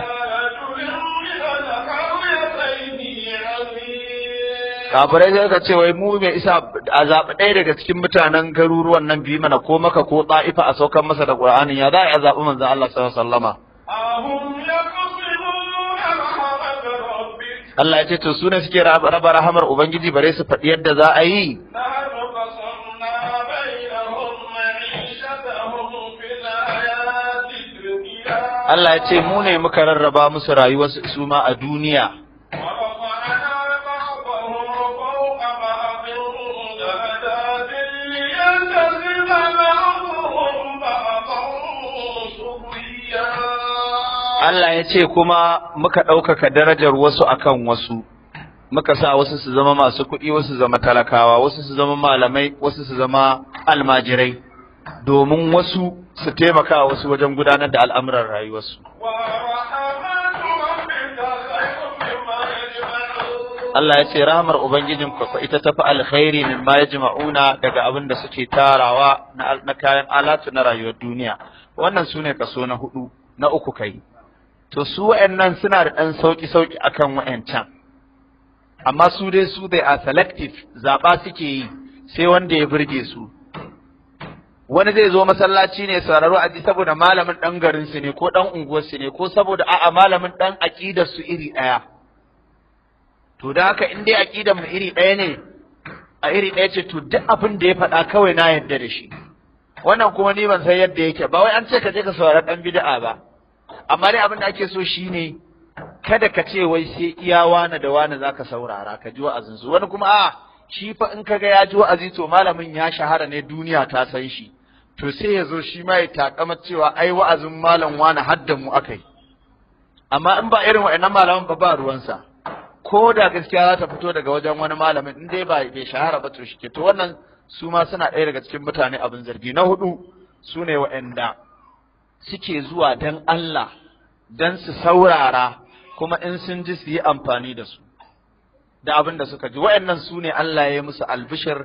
kafirai sai ka ce wai mu mai isa a zaɓi ɗaya daga cikin mutanen garuruwan nan biyu mana ko maka ko taifa a saukan masa da ƙur'anin ya za a zaɓi manzon Allah sallallahu alaihi wasallama Allah ya ce to su ne suke raba rahamar ubangiji bare su faɗi yadda za a yi Allah ya ce mu ne muka rarraba musu rayuwar su ma a duniya Allah ya ce kuma muka ɗaukaka darajar wasu akan wasu muka sa wasu su zama masu kuɗi wasu zama talakawa wasu su zama malamai wasu su zama almajirai domin wasu su taimaka wasu wajen gudanar da al'amuran rayuwarsu. Allah ya ce rahamar Ubangijin kwa ita ta fi alkhairi min ma jima'una daga abin da suke tarawa na kayan alatu na rayuwar duniya. Wannan su ne kaso na hudu na uku kai. To su nan suna da ɗan sauƙi-sauƙi a akan wayancan Amma su dai su dai a selective zaɓa suke yi sai wanda ya birge su. wani zai zo masallaci ne sauraro a ji saboda malamin ɗan garin su ne ko ɗan unguwar su ne ko saboda a'a malamin ɗan aƙidar su iri ɗaya to da haka in dai aqidar mu iri ɗaya ne a iri ɗaya ce to duk abin da ya faɗa kawai na yarda da shi wannan kuma ni ban san yadda yake ba wai an ce ka je ka saurari ɗan bid'a ba amma dai abin da ake so shine kada ka ce wai sai iya wani da wani zaka saurara ka ji wa'azin su wani kuma a shi fa in kaga ya ji wa'azi to malamin ya shahara ne duniya ta san shi to sai ya zo shi ma ya takama cewa ai wa'azin malam wani haddan mu aka yi amma in ba irin wa'annan malaman ba ba ruwansa ko da gaskiya za ta fito daga wajen wani malamin in dai ba bai shahara ba to shike to wannan su ma suna ɗaya daga cikin mutane abin zargi na hudu su ne wa'anda suke zuwa dan Allah dan su saurara kuma in sun ji su yi amfani da su da abin da suka ji wa'annan su ne Allah ya yi musu albishir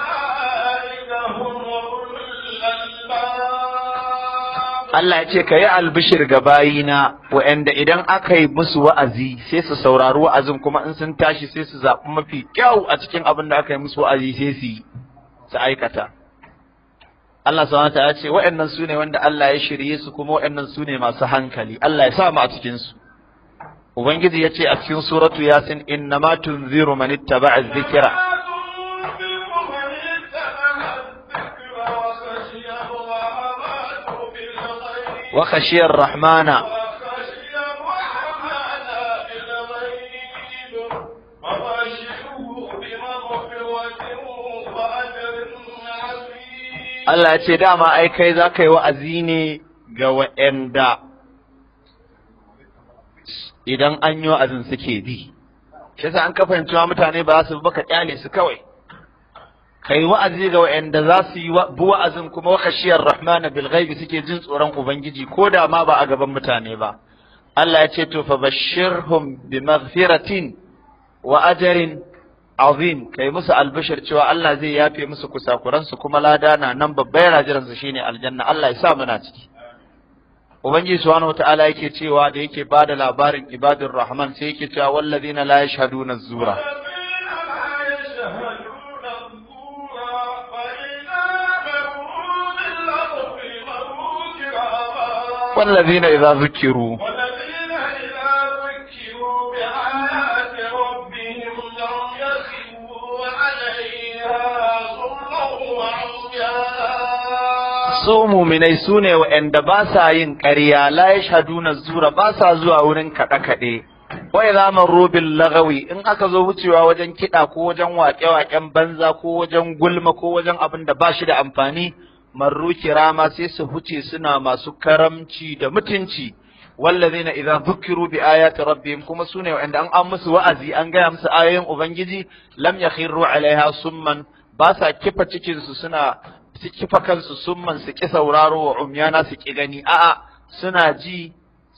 Allah ya ce ka yi albishir ga bayina wa'anda idan aka yi musu wa'azi sai su saurari wa'azin kuma in sun tashi sai su zaɓi mafi kyau a cikin abin da aka yi musu wa'azi sai su yi su aikata Allah subhanahu ya ce wa'annan su ne wanda Allah ya shirye su kuma wa'annan su ne masu hankali Allah ya sa mu a cikin Ubangiji ya ce a cikin suratu Yasin innama tunziru man ittaba'a dhikra وخشي الرحمن Allah ya ce dama ai kai za ka yi wa'azi ne ga wa'anda idan an yi wa'azin suke bi, shi an ka fahimci mutane ba su baka kyale su kawai. kai wa'azi ga wa'anda za su yi bu wa'azin kuma wakashiyar rahmana bil ghaibi suke jin tsoron ubangiji ko da ma ba a gaban mutane ba Allah ya ce to fa bashirhum bi maghfiratin wa ajrin azim kai musu albashir cewa Allah zai yafe musu kusakuran su kuma lada na nan babbar rajiran su shine aljanna Allah ya sa muna ciki ubangiji subhanahu wataala yake cewa da yake bada labarin ibadur rahman sai yake cewa wallazina la yashhaduna zura والذين إذا ذكروا so muminai su ne wa'yanda ba sa yin ƙarya la ya shaduna zura ba sa zuwa wurin kaɗe-kaɗe wai zaman robin lagawi in aka zo wucewa wajen kiɗa ko wajen waƙe-waƙen banza ko wajen gulma ko wajen abin da ba shi da amfani marru kirama sai su huce suna masu karamci da mutunci wallazina idza dhukiru bi ayati rabbihim kuma sune wanda an an musu wa'azi an gaya musu ayoyin ubangiji lam yakhiru alaiha summan ba sa kifa cikin su suna su kifa kansu summan su ki sauraro wa umyana su ki gani a'a suna ji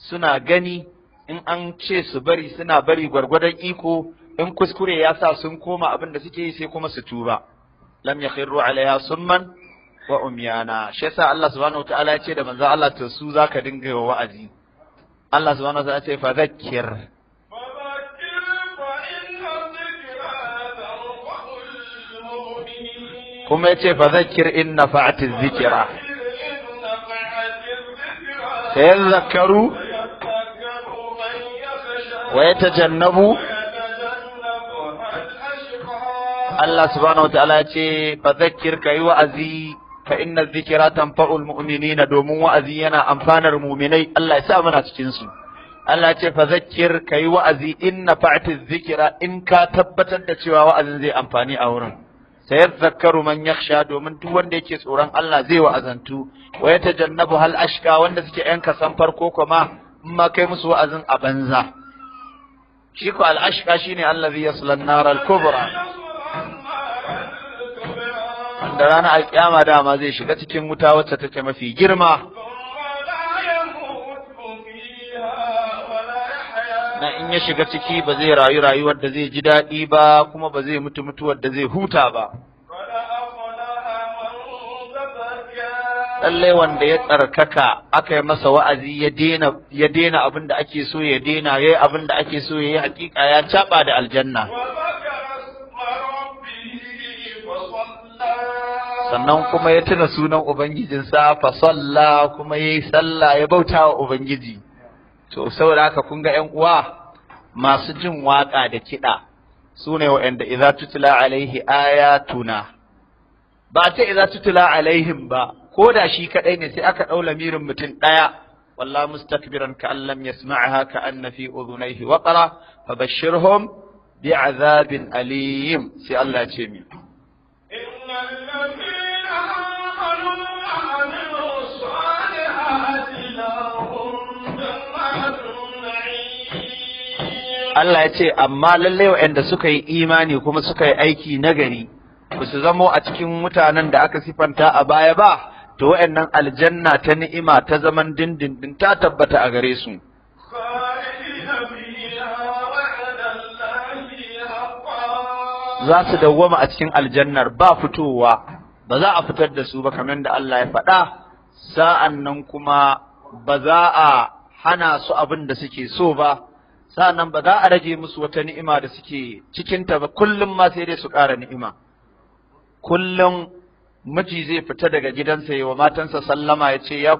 suna gani in an ce su bari suna bari gwargwadon iko in kuskure ya sa sun koma abin da suke yi sai kuma su tuba lam yakhiru alaiha summan wa umyana shi yasa Allah subhanahu wataala ya ce da manzo Allah to su zaka dinga yi wa'azi Allah subhanahu wataala ya ce fa zakkir kuma ya ce fa zakkir in nafa'ati dhikra sayadhakkaru wa yatajannabu Allah subhanahu wataala ya ce fa zakkir kai wa'azi fa inna dhikra tanfa'ul mu'minina domin wa'azi yana amfanar mu'minai Allah ya sa muna cikin su Allah ce fa zakkir kai wa'azi in nafa'ati zikira in ka tabbatar da cewa wa'azin zai amfani a wurin sayadhakkaru man yakhsha domin duk wanda yake tsoron Allah zai wa'azantu wa yatajannabu hal ashka wanda suke yan kasan farko kuma in kai musu wa'azin a banza Shiku ko al ashka shine allazi yaslan nar al kubra wanda ranar alkiyama dama zai shiga cikin wuta wacce take mafi girma na in ya shiga ciki ba zai rayu rayuwar da zai ji daɗi ba kuma ba zai mutu mutuwar da zai huta ba lallai wanda ya tsarkaka aka yi masa wa'azi ya daina abin da ake so ya daina ya yi abin da ake so ya yi hakika ya caɓa da aljanna sannan kuma ya tuna sunan ubangijinsa fa salla kuma yayi sallah ya bauta wa ubangiji to saboda haka kun ga 'yan uwa masu jin waƙa da kiɗa su ne wa’yanda iza tutula alaihi tuna. ba ta iza tutula alaihim ba ko da shi kaɗai ne sai aka ɗau lamirin mutum ɗaya walla mustakbiran ka an lam yasma'ha ka anna fi udhunayhi waqra fabashshirhum azabin alim sai Allah ya ce min. Allah ya ce, amma lallai waɗanda suka yi imani kuma suka yi aiki nagari, ba su zamo a cikin mutanen da aka sifanta a baya ba, to waɗannan aljanna ta ni'ima ta zaman dindindin ta tabbata a gare su. za su dawwama a cikin aljannar ba fitowa ba za a fitar da su ba kamar da Allah ya faɗa sa'an nan kuma ba za a hana su abin da suke so ba sa'an nan ba za a rage musu wata ni'ima da suke cikinta ba kullum ma sai dai su ƙara ni'ima kullum miji zai fita daga gidansa yawa matansa sallama ya ce ya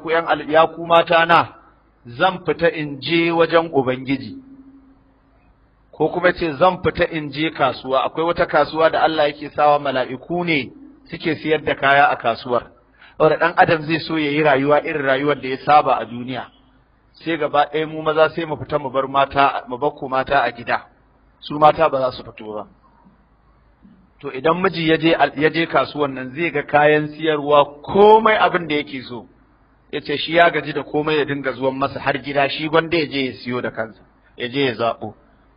ku mata na zan fita in je wajen ubangiji ko kuma ce zan fita in je kasuwa akwai wata kasuwa da Allah yake sawa mala'iku ne suke siyar da kaya a kasuwar saboda dan adam zai so yayi rayuwa irin rayuwar da ya saba a duniya sai gaba ɗaya mu maza sai mu fita mu bar mata mu bakko mata a gida su mata ba za su fito ba to idan miji ya je ya je kasuwan nan zai ga kayan siyarwa komai abin da yake so yace shi ya gaji da komai ya dinga zuwan masa har gida shi gwanda ya je ya siyo da kansa ya je ya zabo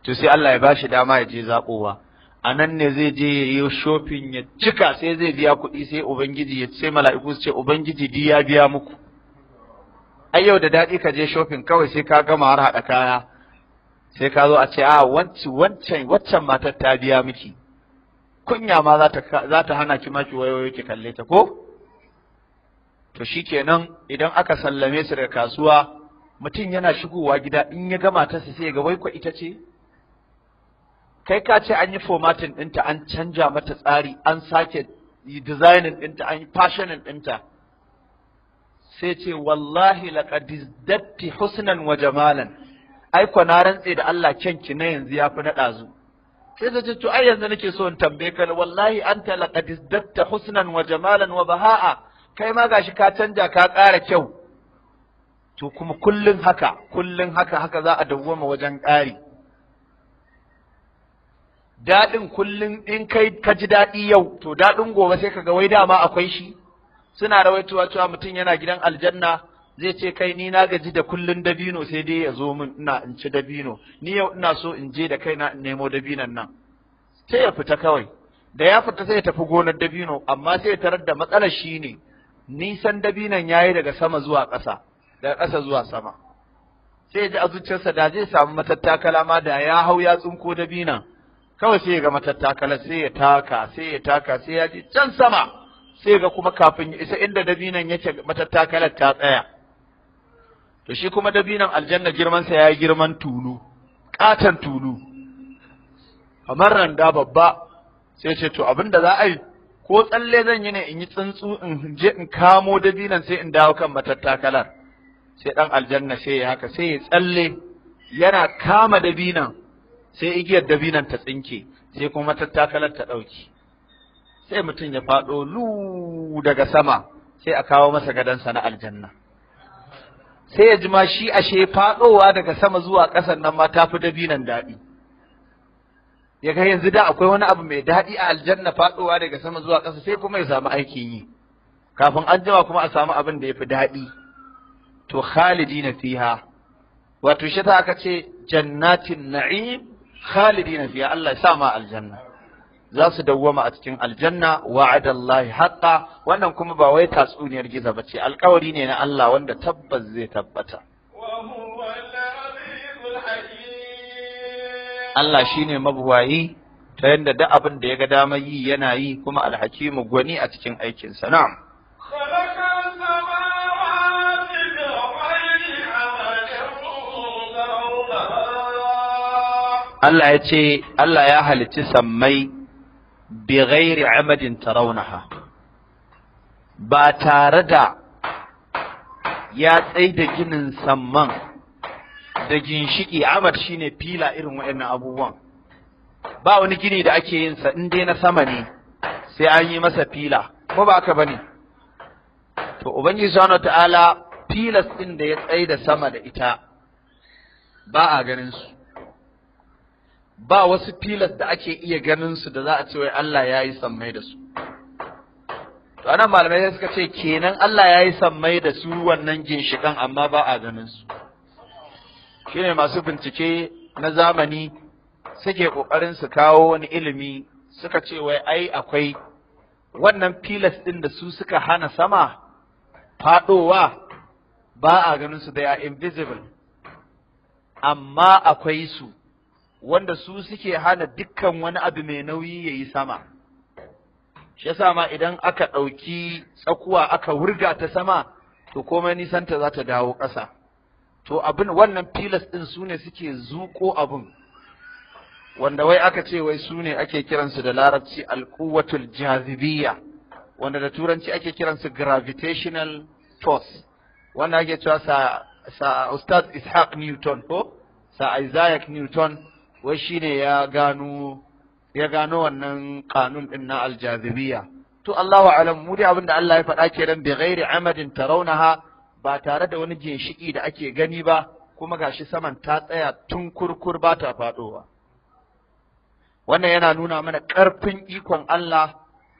to sai Allah ya bashi dama ya je zakowa a nan ne zai je ya yi shopping ya cika sai zai biya kuɗi sai ubangiji ya sai mala'iku su ce ubangiji di ya biya muku ai yau da daɗi ka je shopping kawai sai ka gama har haɗa kaya sai ka zo a ce a wancan waccan matar ta biya miki kunya ma za ta hana ki maki wayoyi ki kalle ta ko to shikenan idan aka sallame su daga kasuwa mutum yana shigowa gida in ya gama ta sai ya ga wai ko ita ce kai ka ce an yi formatting ɗinta an canja mata tsari an sake designing ɗinta an yi fashinin ɗinta sai ce wallahi laqad datti husnan wa jamalan ai na rantse da Allah kyanki na yanzu ya fi na ɗazu sai ta ce to ai yanzu nake so in tambaye ka wallahi anta laqad izdatta husnan wa jamalan wa baha'a kai ma gashi ka canja ka ƙara kyau to kuma kullun haka kullun haka haka za a dawwama wajen ƙari daɗin kullum in kai ka ji daɗi yau to daɗin gobe sai ka ga wai dama akwai shi suna rawaitowa cewa mutum yana gidan aljanna zai ce kai ni na gaji da kullun dabino sai dai ya zo min ina in ci dabino ni yau ina so in je da kaina in nemo dabinon nan sai ya fita kawai da ya fita sai ya tafi gonar dabino amma sai ya tarar da matsalar shi ne nisan dabinon ya yi daga sama zuwa ƙasa daga ƙasa zuwa sama sai ya ji a zuciyarsa da zai samu matattakala ma da ya hau ya tsinko dabinon kawai sai ya ga matattakala sai ya taka sai ya taka sai ya ji can sama sai ga kuma kafin ya isa inda dabinan yake matattakalar ta tsaya to shi kuma dabinan aljanna girman sa yayi girman tulu katan tulu kamar randa babba sai ce to abinda za a yi ko tsalle zan yi ne in yi tsuntsu in je in kamo dabinan sai in dawo kan matattakalar sai dan aljanna sai ya haka sai ya tsalle yana kama dabinan sai igiyar dabinan ta tsinke sai kuma tattakalar ta ɗauki sai mutum ya faɗo lu daga sama sai a kawo masa gadonsa na aljanna sai ya jima shi ashe faɗowa daga sama zuwa ƙasan nan ma ta fi dabinan daɗi ya ga yanzu da akwai wani abu mai daɗi a aljanna faɗowa daga sama zuwa ƙasa sai kuma ya samu aikin yi kafin an jima kuma a samu abin da ya fi daɗi to khalidi na fiha wato shi ta aka ce jannatin na'im khalidina fiha Allah ya sa ma aljanna za su dawwama a cikin aljanna wa'adallahi haqqan wannan kuma ba wai tatsuniyar giza bace alƙawari ne na Allah wanda tabbas zai tabbata Allah shine mabuwayi ta yadda duk abin da ya ga damar yi yana yi kuma alhakimu gwani a cikin aikinsa na'am Allah ya ce Allah ya halicci sammai bi amadin ba tare da ya tsai da ginin samman da ginshiki amad shine fila irin waɗannan abubuwan ba wani gini da ake yin sa in dai na sama ne sai an yi masa fila ko ba haka bane to ubangiji subhanahu ta'ala filas din da ya tsai da sama da ita ba a ganin su ba wasu filas da ake iya ganin su da za a ce wai Allah ya yi sammai da su to anan malamai suka ce kenan Allah ya yi sammai da su wannan ginshiƙan, amma ba a ganin su ne masu bincike na zamani suke ƙoƙarin su kawo wani ilimi suka ce wai ai akwai wannan filas ɗin da su suka hana sama faɗowa? ba a ganin su da ya invisible amma akwai su wanda su suke hana dukkan wani abu mai nauyi ya yi sama shi yasa ma idan aka ɗauki tsakuwa aka wurga ta sama to komai nisanta za ta dawo ƙasa to abin wannan filas ɗin su ne suke zuƙo abin wanda wai aka ce wai su ne ake kiransu da larabci alkuwatul jazibiyya wanda da turanci ake kiransu gravitational force wanda ake cewa sa sa ustaz ishaq newton ko sa isaac newton wai shine ya gano ya gano wannan kanun din na aljazibiya to Allahu alam mu abin da Allah ya faɗa kenan bi ghairi amadin tarawnaha ba tare da wani ginshiki da ake gani ba kuma gashi saman ta tsaya tun kurkur ba ta faɗowa wannan yana nuna mana ƙarfin ikon Allah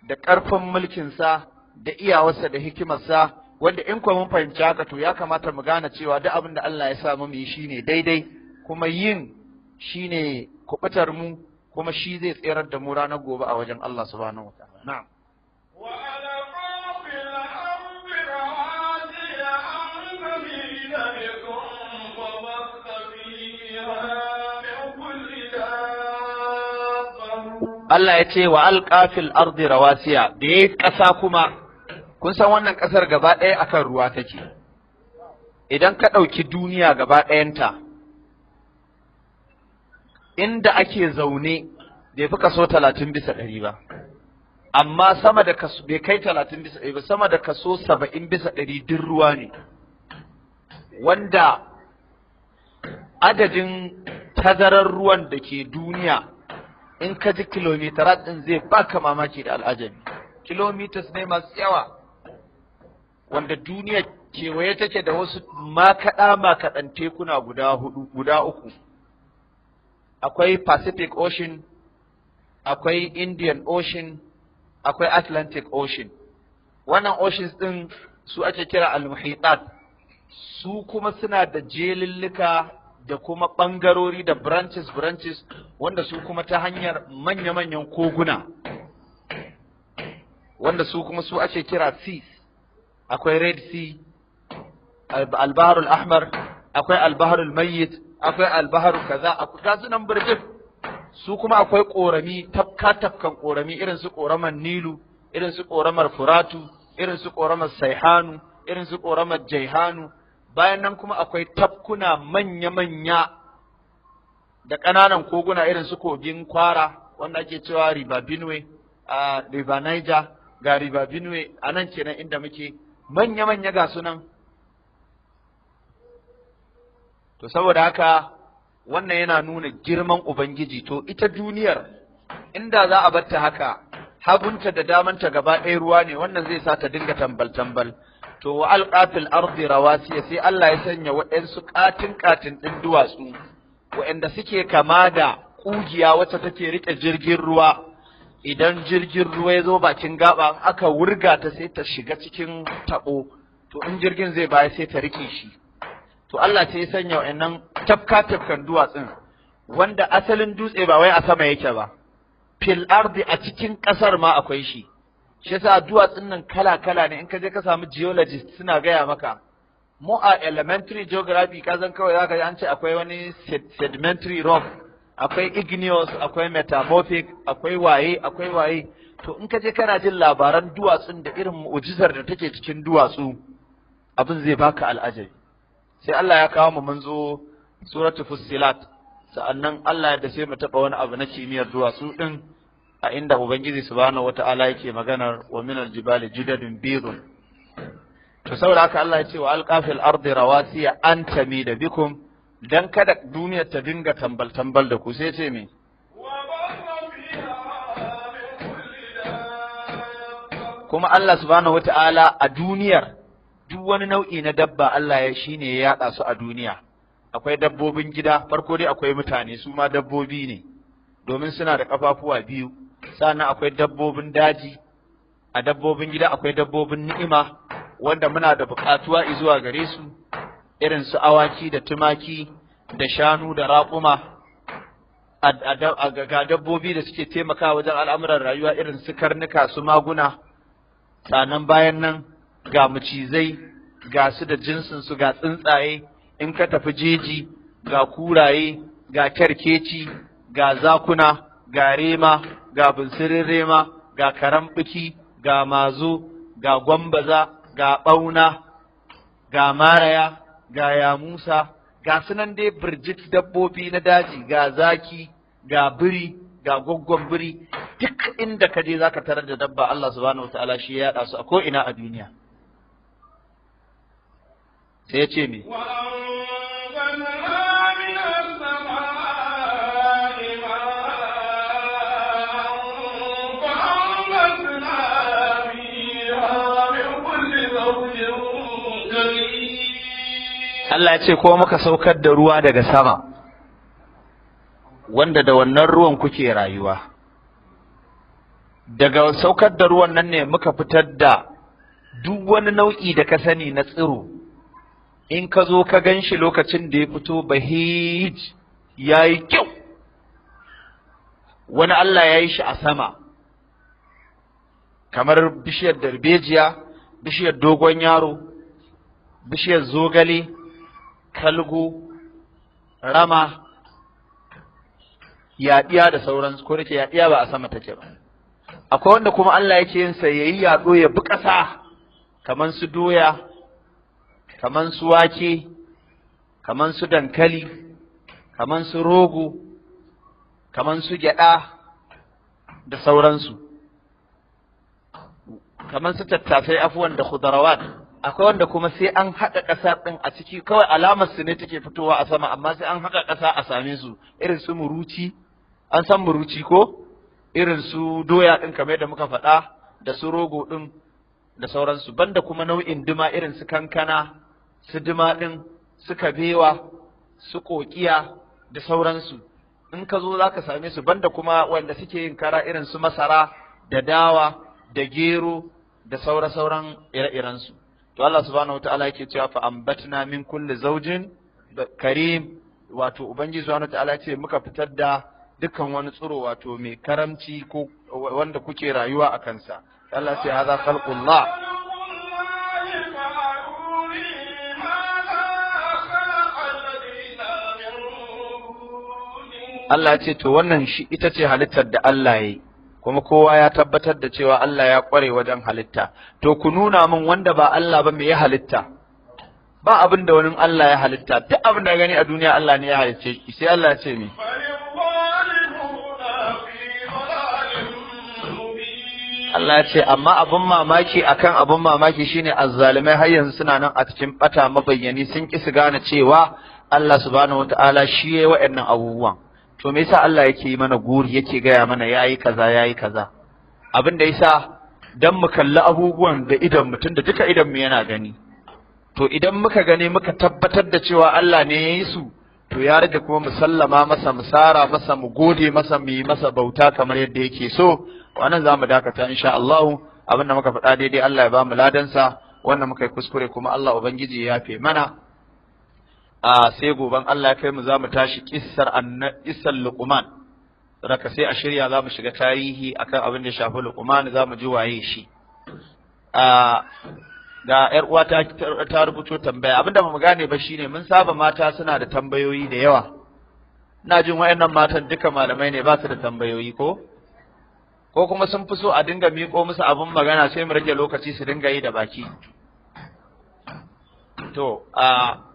da ƙarfin mulkinsa da iyawarsa da hikimarsa wanda in ko mun fahimci haka to ya kamata mu gane cewa duk abin da Allah ya sa mu yi shine daidai kuma yin shine kubutar mu kuma shi zai tserar da mu ranar gobe a wajen Allah subhanahu wa ta'ala na'am Allah ya ce wa alƙafil ardi rawasiya da ya ƙasa kuma kun san wannan ƙasar gaba ɗaya akan ruwa take idan ka ɗauki duniya gaba ɗayanta inda ake zaune bai fi kaso talatin bisa ɗari ba amma sama da kaso bai kai talatin bisa ɗari ba sama da kaso saba'in bisa ɗari din ruwa ne wanda adadin tazarar ruwan da ke duniya in ka ji kilomitara ɗin zai baka mamaki da al'ajabi kilomitas ne masu yawa wanda duniya kewaye take da wasu makaɗa makaɗan tekuna guda hudu guda uku akwai Pacific Ocean, akwai Indian Ocean, akwai Atlantic Ocean. Wannan oceans ɗin su ake kira al-muhitat su kuma suna da jelillika da kuma ɓangarori da branches branches wanda su kuma ta hanyar manya-manyan koguna wanda su kuma su ake kira seas akwai red sea al al ahmar akwai al al mayyit akwai albaharu kaza akwai ga nan birjif su kuma akwai korami tafka tafkan korami irin su koramar nilu irin su koramar furatu irin su koramar saihanu irin su koramar jaihanu bayan nan kuma akwai tafkuna manya-manya da ƙananan koguna irin su kogin kwara wanda ake cewa riba a riba niger ga riba a nan kenan inda muke manya-manya ga sunan to saboda haka wannan yana nuna girman ubangiji to ita duniyar inda za a batta haka habunta da damanta gaba ɗaya ruwa ne wannan zai sa ta dinga tambal tambal to wa alqafil ardi rawasiya sai Allah ya sanya waɗansu katin katin ɗin duwatsu waɗanda suke kama da ƙugiya wacce take rike jirgin ruwa idan jirgin ruwa ya zo bakin gaba aka wurga ta sai ta shiga cikin taɓo, to in jirgin zai baya sai ta rike shi to Allah ce ya sanya wa'annan tafka tafkan duwatsun wanda asalin dutse ba wai a sama yake ba fil ardi a cikin kasar ma akwai shi shi yasa duwatsun nan kala kala ne in ka je ka samu geologist suna gaya maka mu a elementary geography ka zan kawai zaka ji an ce akwai wani sedimentary rock akwai igneous akwai metamorphic akwai waye akwai waye to in ka je kana jin labaran duwatsun da irin mu'ujizar da take cikin duwatsu abin zai baka al'ajabi sai Allah ya kawo mu mun zo suratul fussilat sa'annan Allah ya dace mu taba wani abu na kimiyyar su din a inda ubangiji subhanahu wata'ala yake maganar wa minal jibali jidadun bidun to saboda haka Allah ya ce wa alqafil ardi rawasiya an tamida bikum dan kada duniyar ta dinga tambal tambal da ku sai ce me kuma Allah subhanahu wata'ala a duniyar duk wani nau'i na dabba Allah ya ne ya yada su a duniya akwai dabbobin gida farko dai akwai mutane su ma dabbobi ne domin suna da kafafuwa biyu sannan akwai dabbobin daji a dabbobin gida akwai dabbobin ni'ima wanda muna da bukatuwa izuwa gare su irin su awaki da tumaki da shanu da raƙuma ga dabbobi da suke taimaka wajen al'amuran rayuwa irin su karnuka su maguna sannan bayan nan ga macizai ga su da jinsin su ga tsuntsaye in ka tafi jeji ga kuraye ga kyarkeci ga zakuna ga rema ga bunsirin rema ga karambiki ga mazo ga gwambaza ga ɓauna ga maraya ga yamusa ga sunan dai birjit dabbobi na daji ga zaki ga biri ga gwaggon biri duk inda ka je zaka tarar da dabba Allah subhanahu wataala shi ya yaɗa su a ko ina a duniya sai ya ce me Allah ya ce ko muka saukar da ruwa daga sama wanda da wannan ruwan kuke rayuwa daga saukar da ruwan nan ne muka fitar da duk wani nau'i da ka sani na tsiro in ka zo ka gan shi lokacin da ya fito bahij ya yi kyau wani Allah ya yi shi a sama kamar bishiyar darbejiya bishiyar dogon yaro bishiyar zogale kalgo rama yaɗiya da sauransu ko nake yaɗiya ba a sama take ba akwai wanda kuma Allah yake yin sa yaɗo ya bi ƙasa kamar su doya kaman su wake kaman su dankali kaman su rogo kaman su gyaɗa da sauransu kaman su tattasai afuwan da khudarawat akwai wanda kuma sai an haɗa ƙasa ɗin a ciki kawai alamar su ne take fitowa a sama amma sai an haɗa ƙasa a same su irin su muruci an san muruci ko irin su doya ɗin kamar yadda muka faɗa da su rogo ɗin da sauransu banda kuma nau'in duma irin su kankana su dima ɗin su kabewa su ƙoƙiya, da sauransu in ka zo za ka same su banda kuma wanda suke yin kara irin su masara da dawa da gero da saura sauran ire-irensu to Allah subhanahu wataala yake cewa fa ambatna min kulli zawjin karim wato ubangiji subhanahu wataala ce muka fitar da dukkan wani tsiro wato mai karamci ko wanda kuke rayuwa a kansa Allah sai haza khalqullah Allah ya ce to wannan shi ita ce halittar da Allah ya yi kuma kowa ya tabbatar da cewa Allah ya kware wajen halitta to ku nuna min wanda ba Allah ba me ya halitta ba abin da wani Allah ya halitta duk abin da gani a duniya Allah ne ya halitta shi sai Allah ya ce me Allah ya ce amma abin mamaki akan abin mamaki shine azzalimai har yanzu suna nan a cikin bata mabayyani sun ki su gane cewa Allah subhanahu wataala shi yayi waɗannan abubuwan to me yasa Allah yake yi mana guri yake gaya mana yayi kaza yayi kaza abin da yasa dan mu kalli abubuwan da idan mutum da duka idan mu yana gani to idan muka gani muka tabbatar da cewa Allah ne ya yi su to ya rage kuma mu sallama masa mu sara masa mu gode masa mu yi masa bauta kamar yadda yake so wannan zamu dakata insha Allah abin da muka faɗa daidai Allah ya ba mu ladansa wannan muka yi kuskure kuma Allah ubangiji ya fe mana a sai goban Allah ya kai mu za mu tashi kissar kissar Luqman raka sai a shirya za mu shiga tarihi akan abin da shafi Luqman za mu ji waye shi a ga yar uwa ta ta rubuto tambaya abinda ba mu gane ba shine mun saba mata suna da tambayoyi da yawa ina jin wayannan matan duka malamai ne ba su da tambayoyi ko ko kuma sun fi so a dinga miƙo musu abin magana sai mu rage lokaci su dinga yi da baki to a